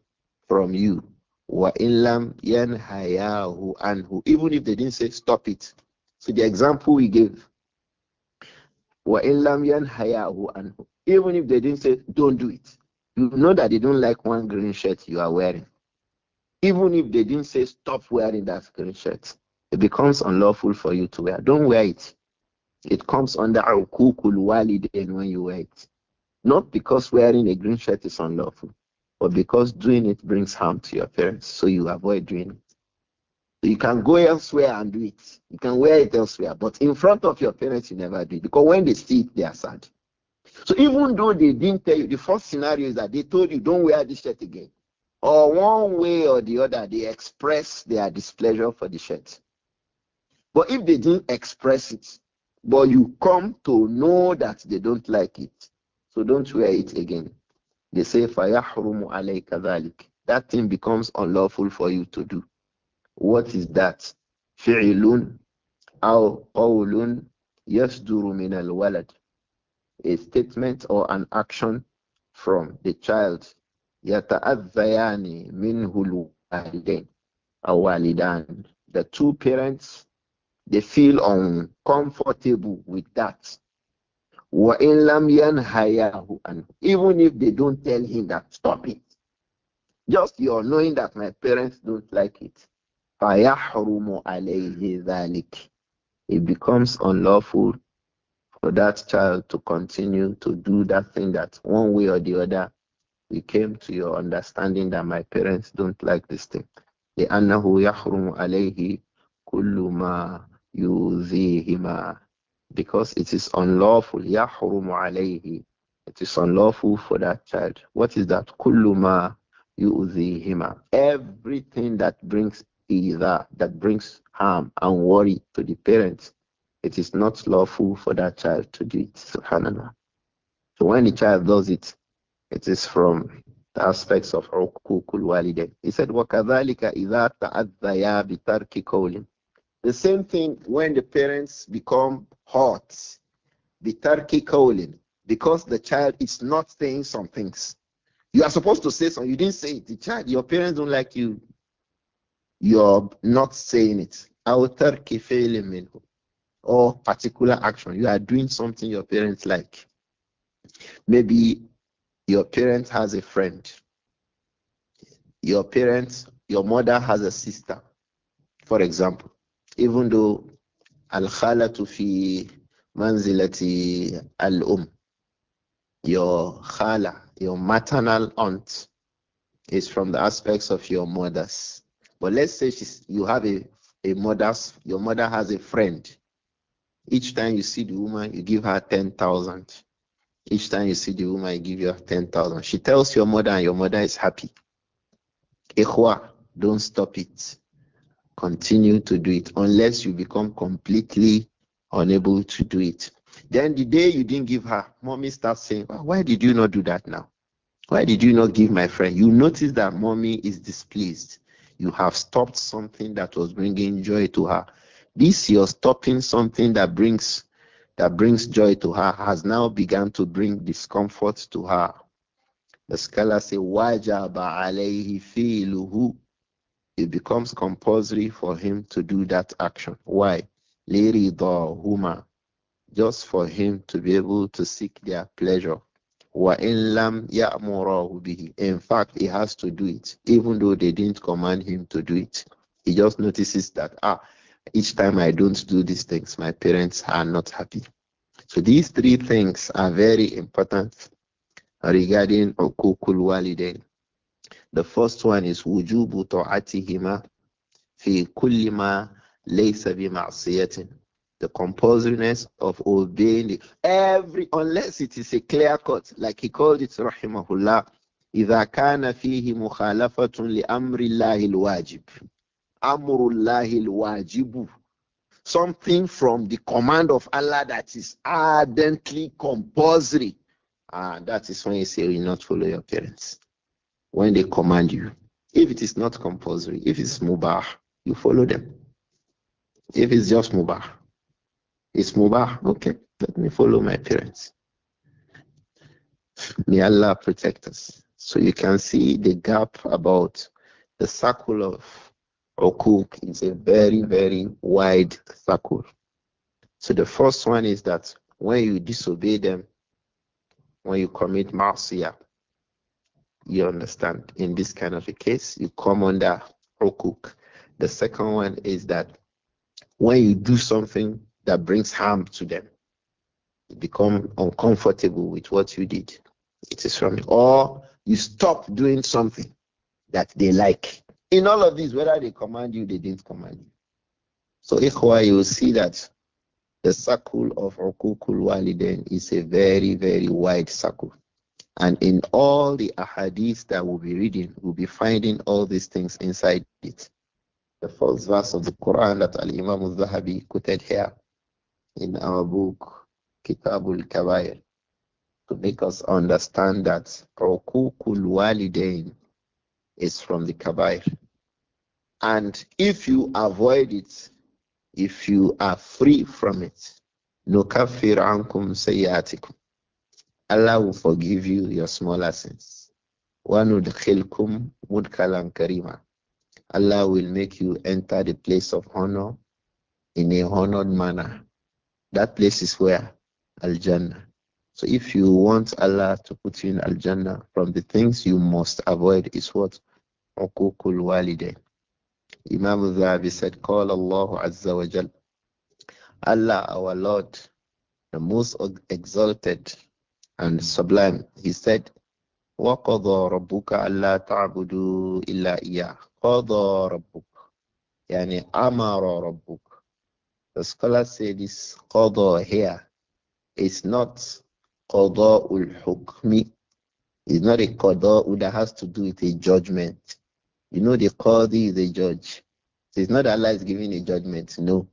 from you. وَإِنْ لَمْ يَنْهَيَاهُ عَنْهُ Even if they didn't say stop it. So the example we gave, وَإِنْ لَمْ يَنْهَيَاهُ عَنْهُ Even if they didn't say don't do it. You know that they don't like one green shirt you are wearing even if they didn't say stop wearing that green shirt, it becomes unlawful for you to wear. Don't wear it. It comes under ukukul walidain when you wear it. Not because wearing a green shirt is unlawful, but because doing it brings harm to your parents, so you avoid doing it. So you can go elsewhere and do it. You can wear it elsewhere, but in front of your parents, you never do it because when they see it, they are sad. So even though they didn't tell you, the first scenario is that they told you don't wear this shirt again. Or one way or the other, they express their displeasure for the shirt. But if they didn't express it, but you come to know that they don't like it, so don't wear it again. They say, فَيَحْرُمُ عَلَيْكَ ذَلِكَ That thing becomes unlawful for you to do. What is that? فِعِلٌ أَوْ قَوْلٌ يَصْدُرُ مِنَ الْوَلَدِ A statement or an action from the child يَتَأَذَّيَانِ مِنْهُ الْوَالِدَيْنِ وَالِدَانِ The two parents, they feel uncomfortable with that. in لَمْ يَنْهَيَاهُ and Even if they don't tell him that, stop it. Just your knowing that my parents don't like it. فَيَحْرُمُ عَلَيْهِ ذَلِكِ It becomes unlawful for that child to continue to do that thing that one way or the other we came to your understanding that my parents don't like this thing. لأنه يحرم عليه كل ما يؤذيهما because it is unlawful يحرم عليه it is unlawful for that child what is that كل ما يؤذيهما everything that brings either that brings harm and worry to the parents it is not lawful for that child to do it subhanallah so when the child does it it is from the aspects of uqukul walidain. He said, Wakadalika إِذَا تَعَذَّيَا بِتَرْكِ قَوْلٍ The same thing when the parents become hot, بِتَرْكِ قَوْلٍ Because the child is not saying some things. You are supposed to say something, you didn't say it. The child, your parents don't like you. You're not saying it. Or particular action. You are doing something your parents like. Maybe your parents has a friend. Your parents, your mother has a sister, for example. Even though al-khalatu fi manzilati al-um. Your khala, your maternal aunt, is from the aspects of your mother's. But let's say she's, you have a, a mother's, your mother has a friend. Each time you see the woman, you give her 10,000. Each time you see the woman, I give her 10,000. She tells your mother, and your mother is happy. Ikhwa, don't stop it. Continue to do it unless you become completely unable to do it. Then the day you didn't give her, mommy starts saying, Why did you not do that now? Why did you not give my friend? You notice that mommy is displeased. You have stopped something that was bringing joy to her. This you're stopping something that brings that brings joy to her has now begun to bring discomfort to her. The scholar say, Wajaba alayhi fi'luhu. It becomes compulsory for him to do that action. Why? huma, Just for him to be able to seek their pleasure. Wa in lam In fact, he has to do it, even though they didn't command him to do it. He just notices that, ah, each time I don't do these things, my parents are not happy. So these three things are very important regarding Ukukul Walidain. The first one is wujubu ta'atihima fi Kullima ma laysa bi ma'siyatin. The compulsoriness of obeying it. every unless it is a clear cut, like he called it rahimahullah, إذا كان فيه مخالفة لأمر الله الواجب Amrullahil wajibu. Something from the command of Allah that is ardently compulsory. And ah, that is when you say, will not follow your parents. When they command you. If it is not compulsory, if it's mubah, you follow them. If it's just mubah, it's mubah. Okay, let me follow my parents. May Allah protect us. So you can see the gap about the circle of cook is a very, very wide circle. So the first one is that when you disobey them, when you commit marcia, you understand, in this kind of a case, you come under Ukuk. The second one is that when you do something that brings harm to them, you become uncomfortable with what you did. It is from, or you stop doing something that they like in all of this, whether they command you, they didn't command you. So, Ikhwa, you will see that the circle of Ukukul Waliden is a very, very wide circle. And in all the ahadith that we'll be reading, we'll be finding all these things inside it. The first verse of the Quran that Al Imam al Zahabi quoted here in our book, Kitabul Kabair, to make us understand that Ukukul Walidain is from the kabair. And if you avoid it, if you are free from it, nukafir ankum sayyatikum. Allah will forgive you your smaller sins. وَنُدْخِلْكُمْ مُدْخَلًا karima. Allah will make you enter the place of honor in a honored manner. That place is where? Al-Jannah. So if you want Allah to put you in Al-Jannah, from the things you must avoid is what? عقوق الوالدين Imam Zahabi said, Call Allah Azza wa Jal. Allah, our Lord, the most exalted and sublime, he said, وَقَضَى رَبُّكَ أَلَّا تَعْبُدُوا إِلَّا إِيَّاهُ قَضَى رَبُّكَ يعني أَمَرَ رَبُّكَ The scholars say this قَضَى here is not قَضَاءُ الْحُكْمِ It's not a قَضَاء that has to do with a judgment you know, the Qadi is a judge. So it's not Allah is giving a judgment. No.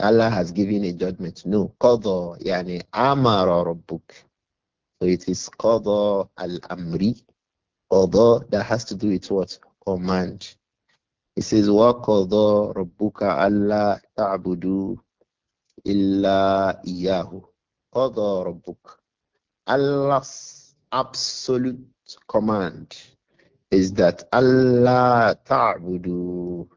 Allah has given a judgment. No. Qadha, yani amara rabbuk. So it is Qadha al-amri. Although that has to do with what? Command. It says, وَقَضَى رَبُّكَ Allah ta'budu illa إِيَّاهُ قَضَى رَبُّكَ Allah's absolute command is that Allah ta'budu,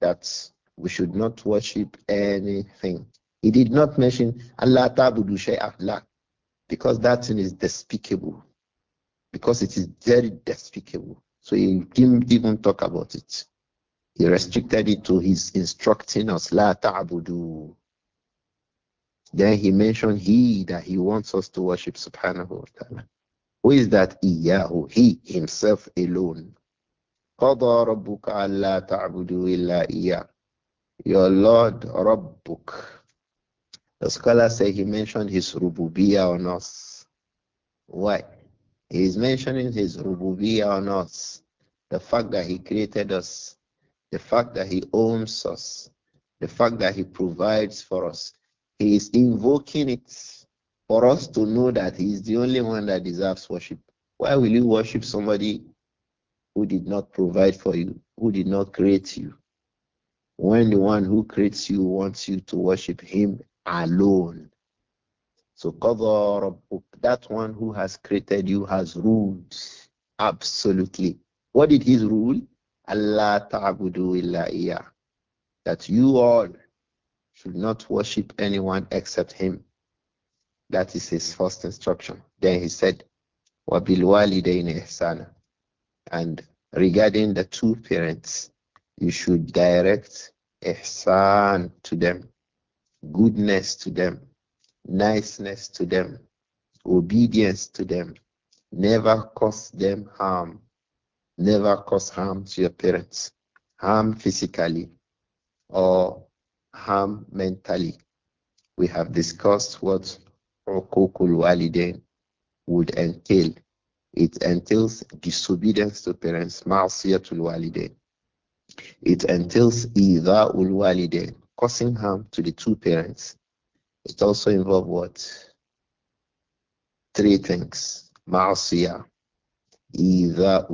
that we should not worship anything. He did not mention Allah ta'budu because that thing is despicable, because it is very despicable. So he didn't even talk about it. He restricted it to his instructing us, La ta'budu. Then he mentioned he that he wants us to worship subhanahu wa ta'ala. Who is that Iyahu? He himself alone. قَضَى رَبُّكَ أَلَّا تَعْبُدُوا إِلَّا إِيَّاهُ Your Lord Rabbuk. The scholar say he mentioned his rububiya on us. Why? He is mentioning his rububiya on us. The fact that he created us, the fact that he owns us, the fact that he provides for us. He is invoking it for us to know that He is the only one that deserves worship. Why will you worship somebody who did not provide for you, who did not create you? When the one who creates you wants you to worship Him alone. So, that one who has created you has ruled absolutely. What did His rule? Allah ta'budu illa That you all should not worship anyone except Him. That is his first instruction. Then he said, وَبِالْوَالِدَيْنِ And regarding the two parents, you should direct ihsan to them, goodness to them, niceness to them, obedience to them. Never cause them harm. Never cause harm to your parents. Harm physically or harm mentally. We have discussed what Uqukul walidain would entail. It entails disobedience to parents, ma'asiyatul walidain. It entails idha'ul walidain, causing harm to the two parents. It also involves what? Three things. Ma'asiyah, either,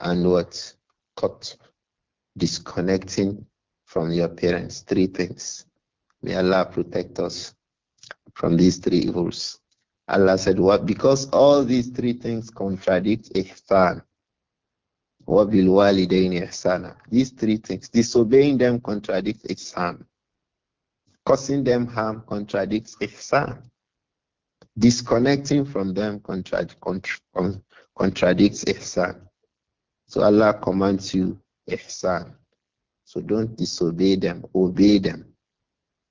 and what? Cut. Disconnecting from your parents. Three things. May Allah protect us from these three evils. Allah said, What? Because all these three things contradict ihsan. Wabil walidaini ihsana. These three things, disobeying them contradicts ihsan. Causing them harm contradicts ihsan. Disconnecting from them contrad, contra, um, contradicts ihsan. So Allah commands you ihsan. So don't disobey them, obey them.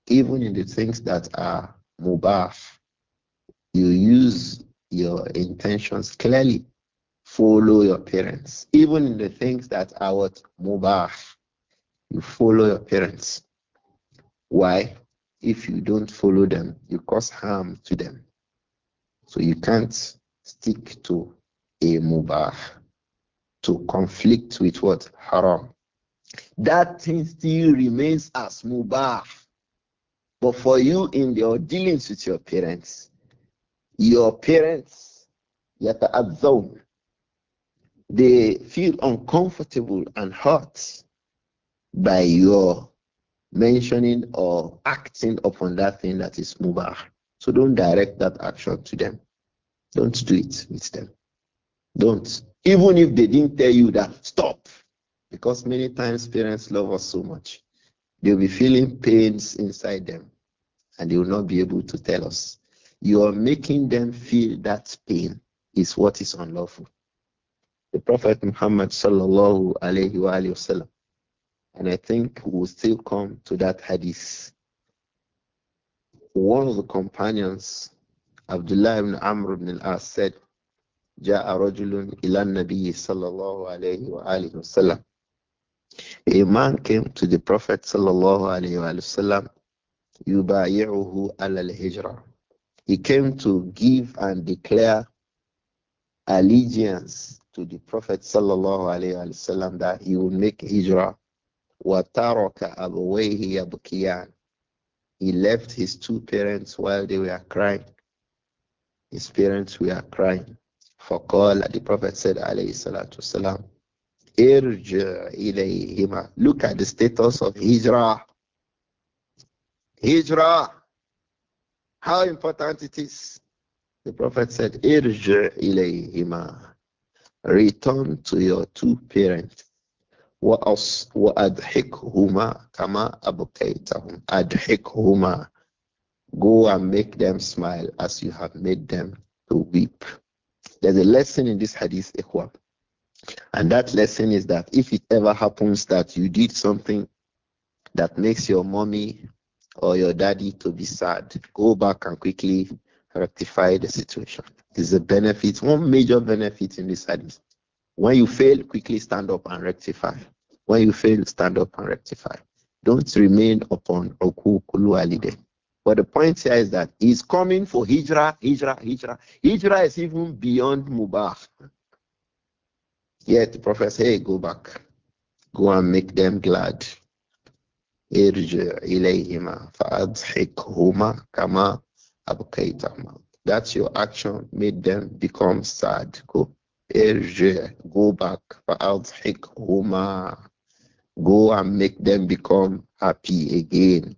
Even in the things that are mubaf. You use your intentions clearly. Follow your parents. Even in the things that are what mubaf, you follow your parents. Why? If you don't follow them, you cause harm to them. So you can't stick to a mubah to conflict with what haram. That thing still remains as mubah but for you in your dealings with your parents, your parents, absorb. they feel uncomfortable and hurt by your mentioning or acting upon that thing that is mubah. So don't direct that action to them. Don't do it with them. Don't. Even if they didn't tell you that, stop. Because many times parents love us so much. They'll be feeling pains inside them and they will not be able to tell us. You are making them feel that pain is what is unlawful. The Prophet Muhammad sallallahu alayhi wa sallam, and I think we will still come to that hadith. One of the companions, Abdullah ibn Amr ibn al-As said, جاء رجل إلى النبي صلى الله عليه وآله وسلم. A man came to the Prophet sallallahu alayhi wa sallam he came to give and declare allegiance to the Prophet sallallahu alaihi wasallam that he would make hijrah. He left his two parents while they were crying. His parents were crying. for call. The Prophet said alayhi salatu wasalam, Look at the status of hijrah. Hijrah. How important it is. The Prophet said, ilayhima. Return to your two parents. وَأَضْحِكْهُمَا كَمَا أَبْقَيْتَهُمْ أَضْحِكْهُمَا Go and make them smile as you have made them to weep. There's a lesson in this hadith, Ikhwab. And that lesson is that if it ever happens that you did something that makes your mommy or your daddy to be sad, go back and quickly rectify the situation. Is a benefit, one major benefit in this hadith. When you fail, quickly stand up and rectify. When you fail, stand up and rectify. Don't remain upon okukulu alide. But the point here is that he's coming for hijrah, hijrah, hijrah. Hijrah is even beyond mubah. Yet the prophet says, hey, go back. Go and make them glad irji That's your action made them become sad. Go irji, go back. Fa'adhikhuma. Go and make them become happy again.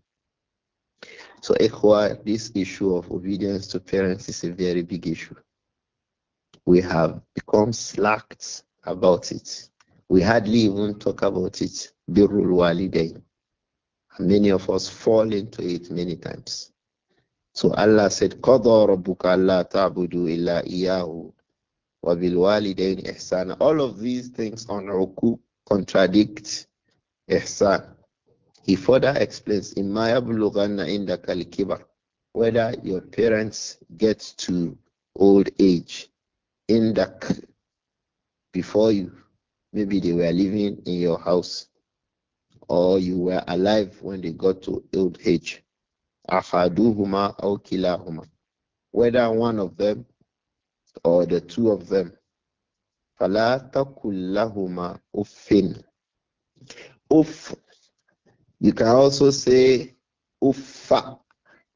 So, Ikhwa, this issue of obedience to parents is a very big issue. We have become slacked about it. We hardly even talk about it. Many of us fall into it many times. So Allah said, قَضَى رَبُّكَ أَلَّا تَعْبُدُوا إِلَّا إِيَّاهُ وَبِالْوَالِدَيْنِ إِحْسَانًا All of these things on Ruku contradict Ihsan. He further explains, إِمَّا يَبْلُغَنَّ إِنْدَكَ الْكِبَرِ Whether your parents get to old age, indak, before you, maybe they were living in your house or you were alive when they got to old age. huma or kilahuma. Whether one of them or the two of them. Fala takullahuma uffin. Uff. You can also say uffa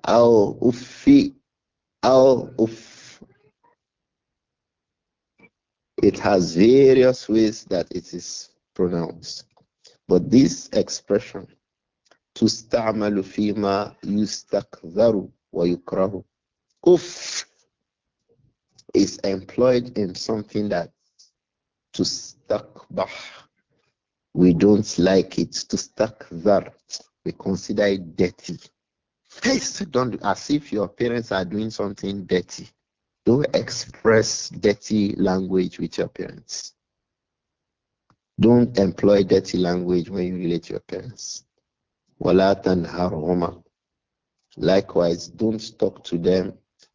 or uffi or uff. It has various ways that it is pronounced. But this expression, تُسْتَعْمَلُ فِي مَا يُسْتَكْذَرُ وَيُكْرَهُ Oof is employed in something that to stakbah. We don't like it. To stakzar, we consider it dirty. Please don't as if your parents are doing something dirty. Don't express dirty language with your parents. Don't employ dirty language when you relate to your parents. Walatan harhuma. Likewise, don't talk to them.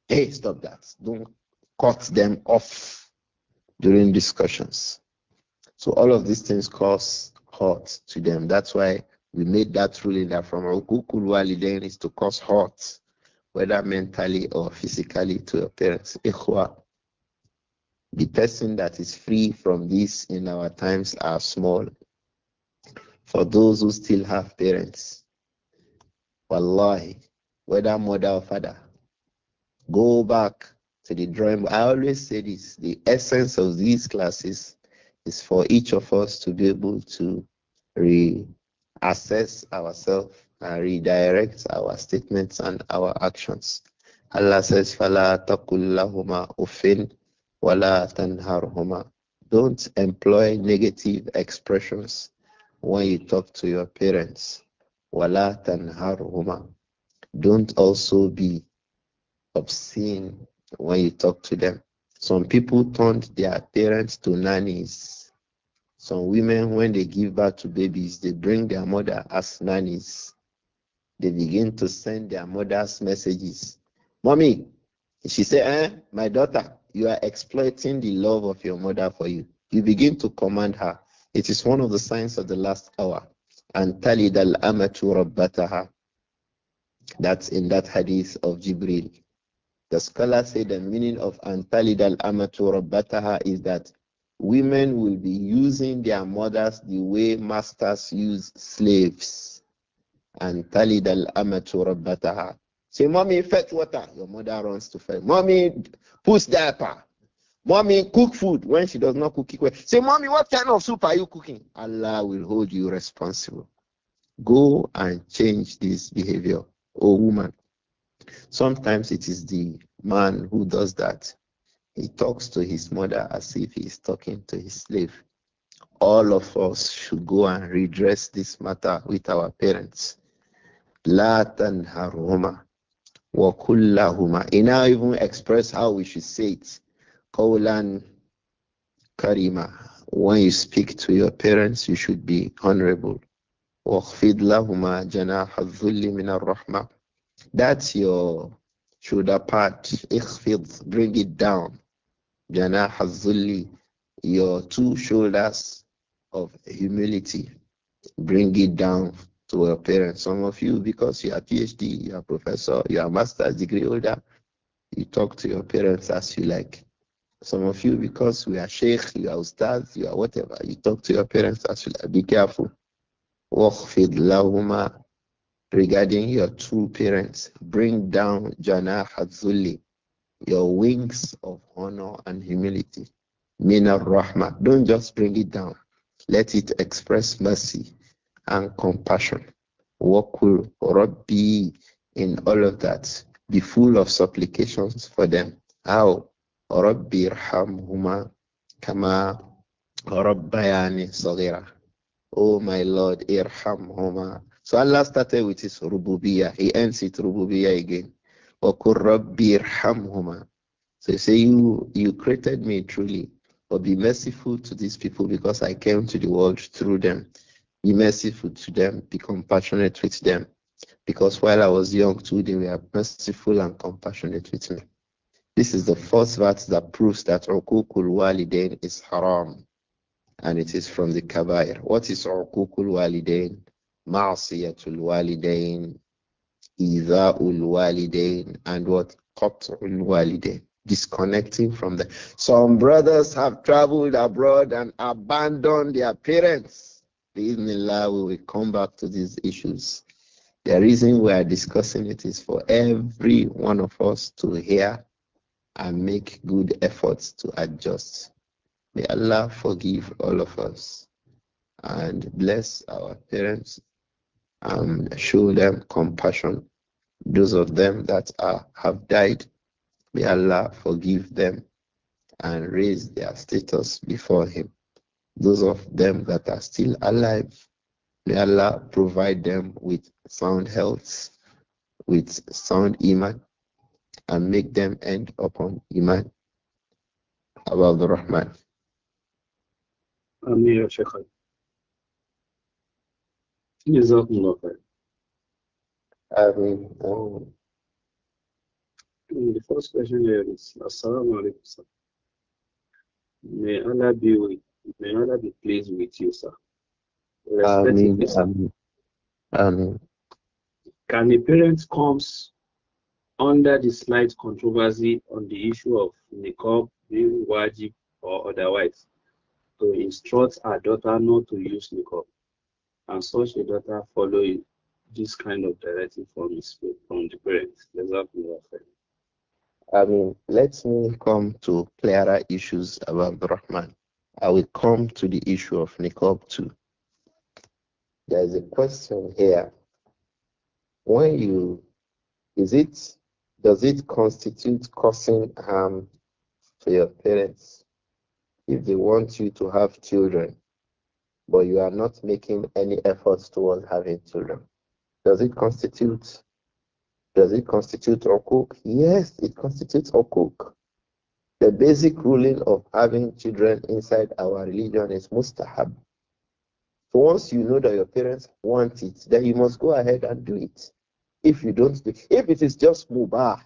Hey, stop that. Don't cut them off during discussions. So all of these things cause hurt to them. That's why we made that ruling that from Ukukul Walidain is to cause hurt, whether mentally or physically to your parents. The person that is free from this in our times are small. For those who still have parents, wallahi, whether mother or father, go back to the drawing board. I always say this the essence of these classes is for each of us to be able to reassess ourselves and redirect our statements and our actions. Allah says, wala tanharhuma. Don't employ negative expressions when you talk to your parents. Wala tanharhuma. Don't also be obscene when you talk to them. Some people turn their parents to nannies. Some women, when they give birth to babies, they bring their mother as nannies. They begin to send their mother's messages. Mommy, she said, eh, my daughter, you are exploiting the love of your mother for you. You begin to command her. It is one of the signs of the last hour. And talid al amatu rabbataha. That's in that hadith of Jibril. The scholars say the meaning of antalid al amatu rabbataha is that women will be using their mothers the way masters use slaves. And talid al amatu rabbataha. Say, Mommy, fetch water. Your mother runs to fetch. Mommy, push diaper. Mommy, cook food when she does not cook it well. Say, Mommy, what kind of soup are you cooking? Allah will hold you responsible. Go and change this behavior, oh woman. Sometimes it is the man who does that. He talks to his mother as if he is talking to his slave. All of us should go and redress this matter with our parents. La tanharuma. وَكُلَّهُمَا He now even express how we should say it. قَوْلًا karima. When you speak to your parents, you should be honorable. وَخْفِضْ لَهُمَا جَنَاحَ الذُّلِّ مِنَ الرَّحْمَةِ That's your shoulder part. اخفض, bring it down. جَنَاحَ الذُّلِّ Your two shoulders of humility. Bring it down to your parents. Some of you, because you are PhD, you are professor, you are master's degree holder, you talk to your parents as you like. Some of you, because we are sheikh, you are ustad, you are whatever, you talk to your parents as you like. Be careful. Regarding your true parents, bring down jana hazuli, your wings of honor and humility. Mina rahma. Don't just bring it down. Let it express mercy and compassion. Wakul be in all of that. Be full of supplications for them. How? Rabbi huma, Kama Rabbayani saghira. Oh my Lord, irham huma. So Allah started with his rububiya. He ends it rububiya again. Wakul Rabbi huma. So you say you you created me truly, but be merciful to these people because I came to the world through them. Be merciful to them, be compassionate with them. Because while I was young too, they were merciful and compassionate with me. This is the first verse that proves that Ukukul Walidain is haram and it is from the Kabair. What is Ukukul Walidain? Ma'asiyatul Walidain, Idha'ul Walidain, and what? Qat'ul Walidain. Disconnecting from the. Some brothers have traveled abroad and abandoned their parents Bismillah, we will come back to these issues. The reason we are discussing it is for every one of us to hear and make good efforts to adjust. May Allah forgive all of us and bless our parents and show them compassion. Those of them that are, have died, may Allah forgive them and raise their status before Him. Those of them that are still alive, may Allah provide them with sound health, with sound iman, and make them end upon iman. About the Rahman. Ameen, Ya Shaykh. Jazakumullah The first question is Assalamu alaikum. May Allah be with you. May Allah be pleased with you, sir. Amen. Amen. Amen. Can a parent comes under the slight controversy on the issue of niqab being wajib or otherwise to instruct a daughter not to use niqab, and such a daughter following this kind of directive from his from the parents? Does that I mean, let me come to clearer issues about the Rahman. I will come to the issue of niqab too. There is a question here. When you, is it, does it constitute causing harm for your parents if they want you to have children, but you are not making any efforts towards having children? Does it constitute? Does it constitute or cook? Yes, it constitutes a cook the basic ruling of having children inside our religion is mustahab. So once you know that your parents want it, then you must go ahead and do it. If you don't, do, if it is just mubah,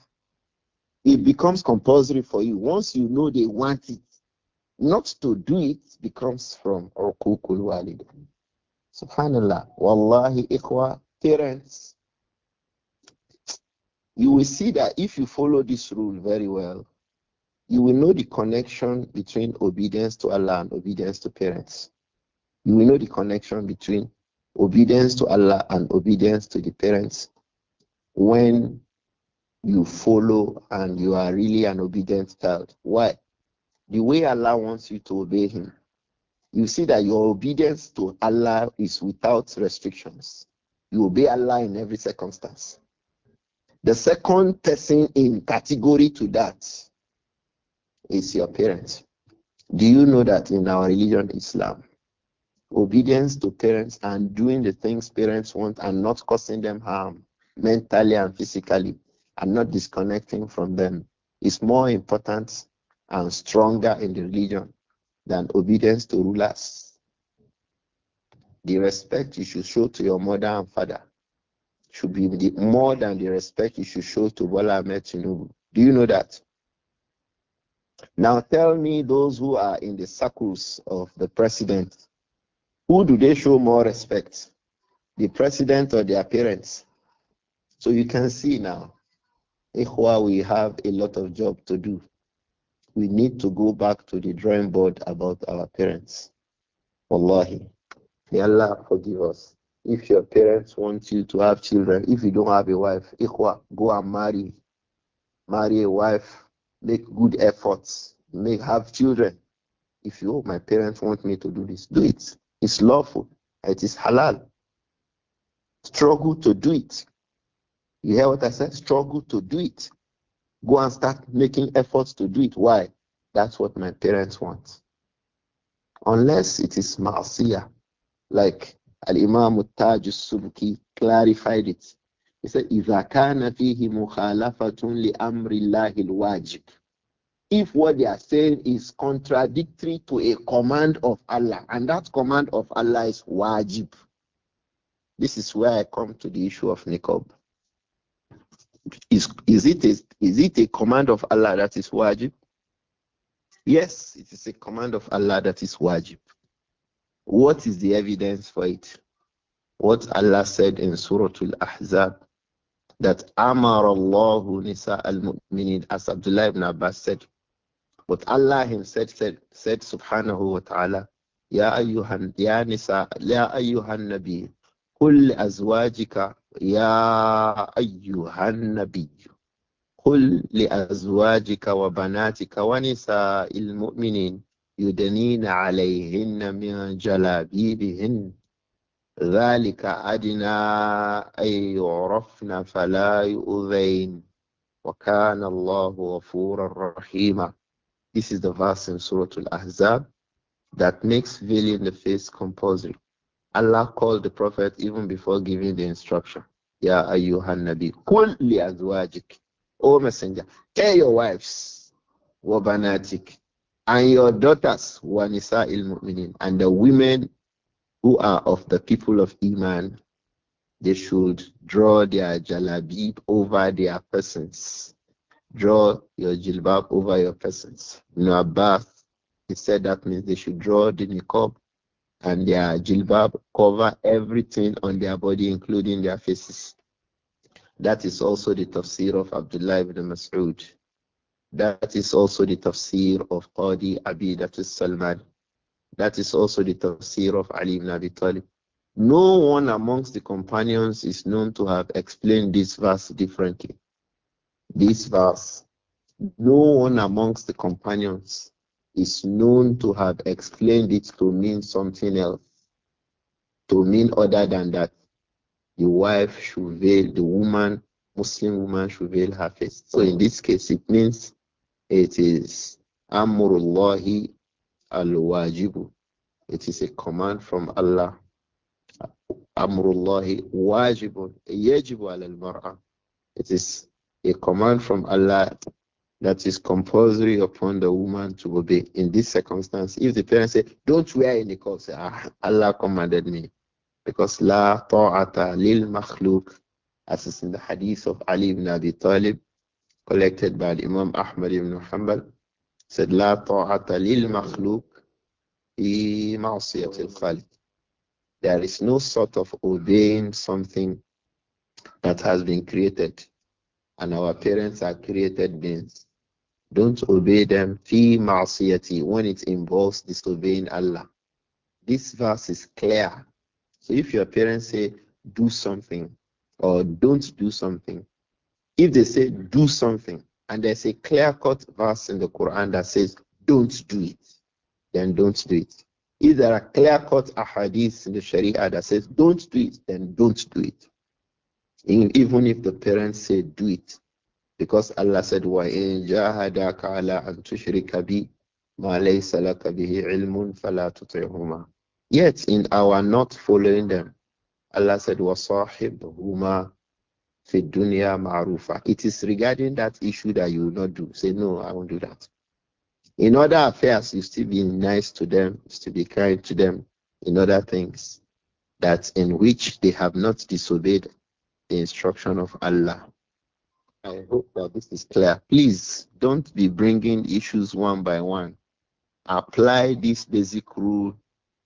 it becomes compulsory for you. Once you know they want it, not to do it becomes from urkukul walid. Subhanallah. Wallahi, ikhwa, parents, you will see that if you follow this rule very well, you will know the connection between obedience to Allah and obedience to parents. You will know the connection between obedience to Allah and obedience to the parents when you follow and you are really an obedient child. Why? The way Allah wants you to obey Him. You see that your obedience to Allah is without restrictions. You obey Allah in every circumstance. The second person in category to that is your parents. Do you know that in our religion, Islam, obedience to parents and doing the things parents want and not causing them harm mentally and physically and not disconnecting from them is more important and stronger in the religion than obedience to rulers. The respect you should show to your mother and father should be more than the respect you should show to Bola Ahmed Tinubu. Do you know that? Now tell me those who are in the circles of the president, who do they show more respect? The president or their parents? So you can see now, Ikhwa, we have a lot of job to do. We need to go back to the drawing board about our parents. Wallahi. May Allah forgive us. If your parents want you to have children, if you don't have a wife, Ikhwa, go and marry. Marry a wife make good efforts, make have children. If you, oh, my parents want me to do this, do it. It's lawful. It is halal. Struggle to do it. You hear what I said? Struggle to do it. Go and start making efforts to do it. Why? That's what my parents want. Unless it is ma'asiyah, like Al Imam Taj Subki clarified it. He said, إذا كان فيه مخالفة لأمر الله الواجب if what they are saying is contradictory to a command of Allah, and that command of Allah is wajib. This is where I come to the issue of niqab. Is, is, it a, is it a command of Allah that is wajib? Yes, it is a command of Allah that is wajib. What is the evidence for it? What Allah said in Surah Al-Ahzab, that Amar Allahu Nisa al-Mu'minin, as Abdullah ibn Abbas said, But Allah himself said, said subhanahu wa ta'ala, Ya ayyuhan, ya nisa, ya ayyuhan nabi, kul azwajika, ya ayyuhan nabi. قل لأزواجك وبناتك ونساء المؤمنين يدنين عليهن من جلابيبهن ذلك أدنى أن يعرفن فلا يؤذين وكان الله غفورا رحيما This is the verse in Surah Al Ahzab that makes veiling the face compulsory. Allah called the Prophet even before giving the instruction. Ya ayyuhan nabi, kul li azwajik. O messenger, tell your wives, wa banatik, and your daughters, wa nisa'il mu'minin, and the women who are of the people of Iman, they should draw their jalabib over their persons draw your jilbab over your persons. You know, bath, he said that means they should draw the niqab and their jilbab cover everything on their body, including their faces. That is also the tafsir of Abdullah ibn Mas'ud. That is also the tafsir of Qadi Abi al-Salman. That is also the tafsir of Ali ibn Abi Talib. No one amongst the companions is known to have explained this verse differently this verse, no one amongst the companions is known to have explained it to mean something else, to mean other than that the wife should veil, the woman, Muslim woman should veil her face. So in this case, it means it is amrullahi al-wajibu. It is a command from Allah. Amrullahi wajibu. yajibu al-mar'a. It is a command from Allah that is compulsory upon the woman to obey in this circumstance. If the parents say, Don't wear any clothes," ah, Allah commanded me. Because La ta'ata lil makhluk, as is in the hadith of Ali ibn Abi Talib, collected by Imam Ahmad ibn Hanbal, said, La ta'ata lil makhluk, there is no sort of obeying something that has been created and our parents are created beings. Don't obey them fi ma'siyati when it involves disobeying Allah. This verse is clear. So if your parents say do something or don't do something, if they say do something and there's a clear-cut verse in the Quran that says don't do it, then don't do it. If there are clear-cut ahadith in the Sharia that says don't do it, then don't do it even if the parents say do it because Allah said wa in jahadaka ala an tushrika bi ma laysa laka bihi ilmun fala tuti'huma yet in our not following them Allah said wa sahibhuma fi dunya ma'rufa it is regarding that issue that you will not do say no I won't do that in other affairs you still be nice to them still be kind to them in other things that in which they have not disobeyed the instruction of Allah. I hope that this is clear. Please don't be bringing issues one by one. Apply this basic rule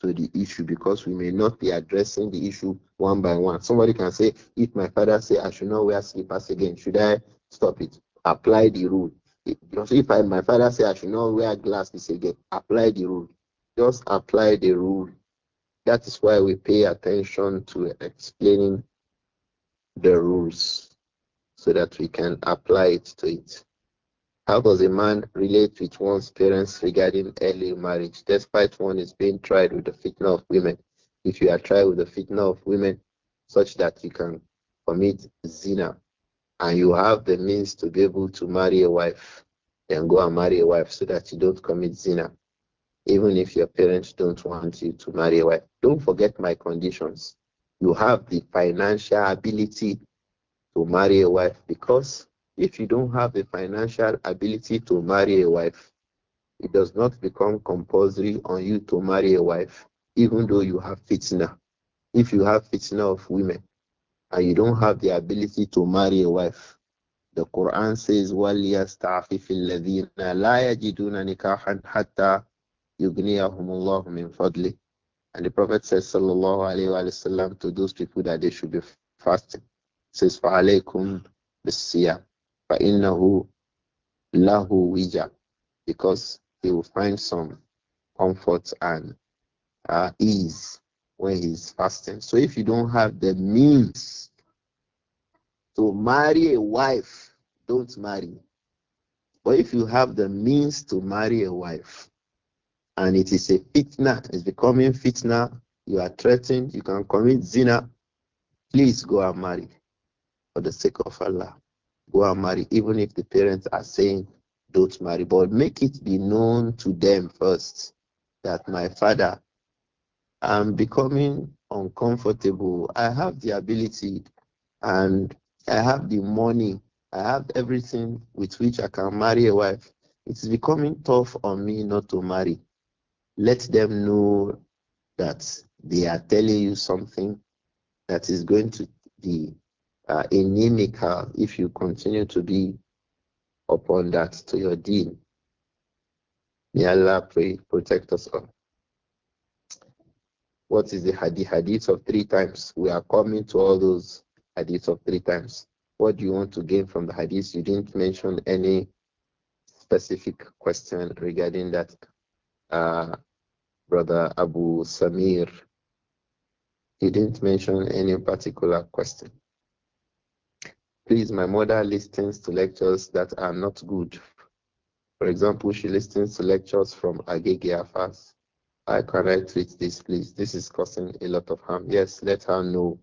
to the issue because we may not be addressing the issue one by one. Somebody can say, if my father say I should not wear slippers again, should I stop it? Apply the rule. Because if I, my father say I should not wear glasses again, apply the rule. Just apply the rule. That is why we pay attention to explaining the rules so that we can apply it to it. How does a man relate with one's parents regarding early marriage, despite one is being tried with the fitness of women? If you are tried with the fitness of women, such that you can commit zina and you have the means to be able to marry a wife, then go and marry a wife so that you don't commit zina, even if your parents don't want you to marry a wife. Don't forget my conditions you have the financial ability to marry a wife because if you don't have the financial ability to marry a wife, it does not become compulsory on you to marry a wife, even though you have fitna. If you have fitna of women and you don't have the ability to marry a wife, the Quran says, وَلْيَسْتَعْفِفِ ladina لَا يَجِدُونَ نِكَاحًا حَتَّى يُغْنِيَهُمُ اللَّهُ مِنْ and the Prophet says, Sallallahu Alaihi Wasallam, to those people that they should be fasting. says, فَعَلَيْكُمْ بِالسِّيَامِ فَإِنَّهُ لَهُ وِجَى Because he will find some comfort and uh, ease when he's fasting. So if you don't have the means to marry a wife, don't marry. But if you have the means to marry a wife, and it is a fitna, it's becoming fitna, you are threatened, you can commit zina, please go and marry for the sake of Allah. Go and marry, even if the parents are saying, don't marry, but make it be known to them first that my father, I'm becoming uncomfortable. I have the ability and I have the money. I have everything with which I can marry a wife. It's becoming tough on me not to marry. Let them know that they are telling you something that is going to be uh, inimical if you continue to be upon that to your deen. May Allah pray, protect us all. What is the hadith? Hadith of three times. We are coming to all those hadiths of three times. What do you want to gain from the hadith? You didn't mention any specific question regarding that. Uh, Brother Abu Samir. He didn't mention any particular question. Please, my mother listens to lectures that are not good. For example, she listens to lectures from Agege Afas. I can I treat this, please? This is causing a lot of harm. Yes, let her know.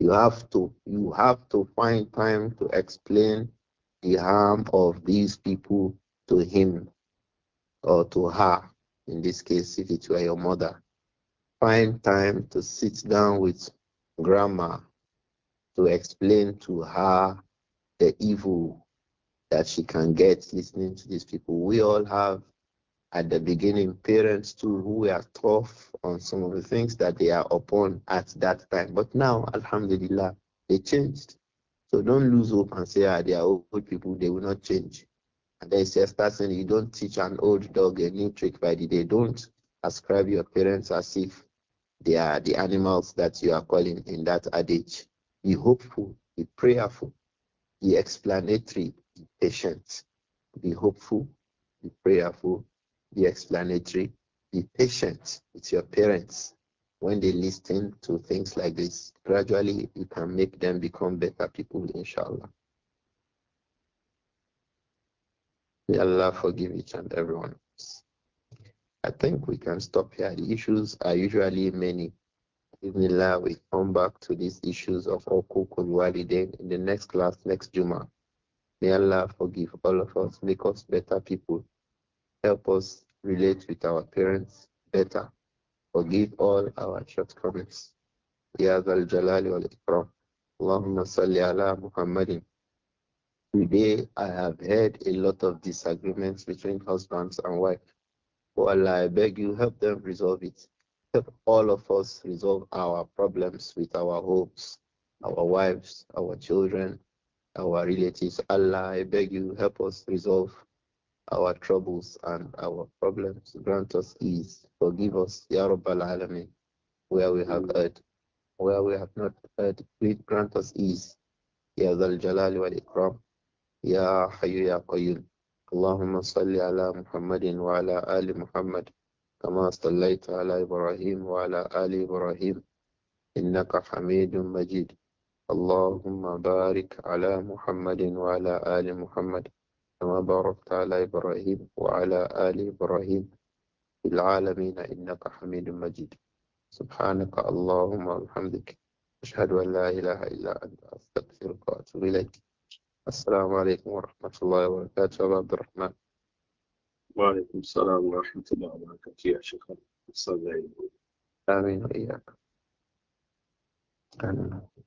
You have to you have to find time to explain the harm of these people to him or to her in this case, if it were your mother, find time to sit down with grandma to explain to her the evil that she can get listening to these people. We all have, at the beginning, parents too who were tough on some of the things that they are upon at that time. But now, Alhamdulillah, they changed. So don't lose hope and say, ah, they are old people, they will not change. And then a saying you don't teach an old dog a new trick by the day. Don't ascribe your parents as if they are the animals that you are calling in that adage. Be hopeful, be prayerful, be explanatory, be patient, be hopeful, be prayerful, be explanatory, be patient with your parents when they listen to things like this. Gradually, you can make them become better people, inshallah. May Allah forgive each and everyone. I think we can stop here. The issues are usually many. Bismillah, we come back to these issues of Okukul Then in the next class, next Juma. May Allah forgive all of us, make us better people, help us relate with our parents better, forgive all our shortcomings. Ya Jalali wal Ikram. Allahumma salli ala Muhammadin. Today, I have heard a lot of disagreements between husbands and wife. Well, Allah, I beg you, help them resolve it. Help all of us resolve our problems with our hopes, our wives, our children, our relatives. Allah, I beg you, help us resolve our troubles and our problems. Grant us ease. Forgive us, Ya Rabbal Alameen, where we have erred, where we have not erred. Please grant us ease. Ya Zal Jalali Ikram. يا حي يا قيوم اللهم صل على محمد وعلى آل محمد كما صليت على إبراهيم وعلى آل إبراهيم إنك حميد مجيد اللهم بارك على محمد وعلى آل محمد كما باركت على إبراهيم وعلى آل إبراهيم في العالمين إنك حميد مجيد سبحانك اللهم وبحمدك أشهد أن لا إله إلا أنت أستغفرك وأتوب إليك السلام عليكم ورحمة الله وبركاته أبو عبد الرحمن وعليكم السلام ورحمة الله وبركاته يا شيخ آمين وإياك آمين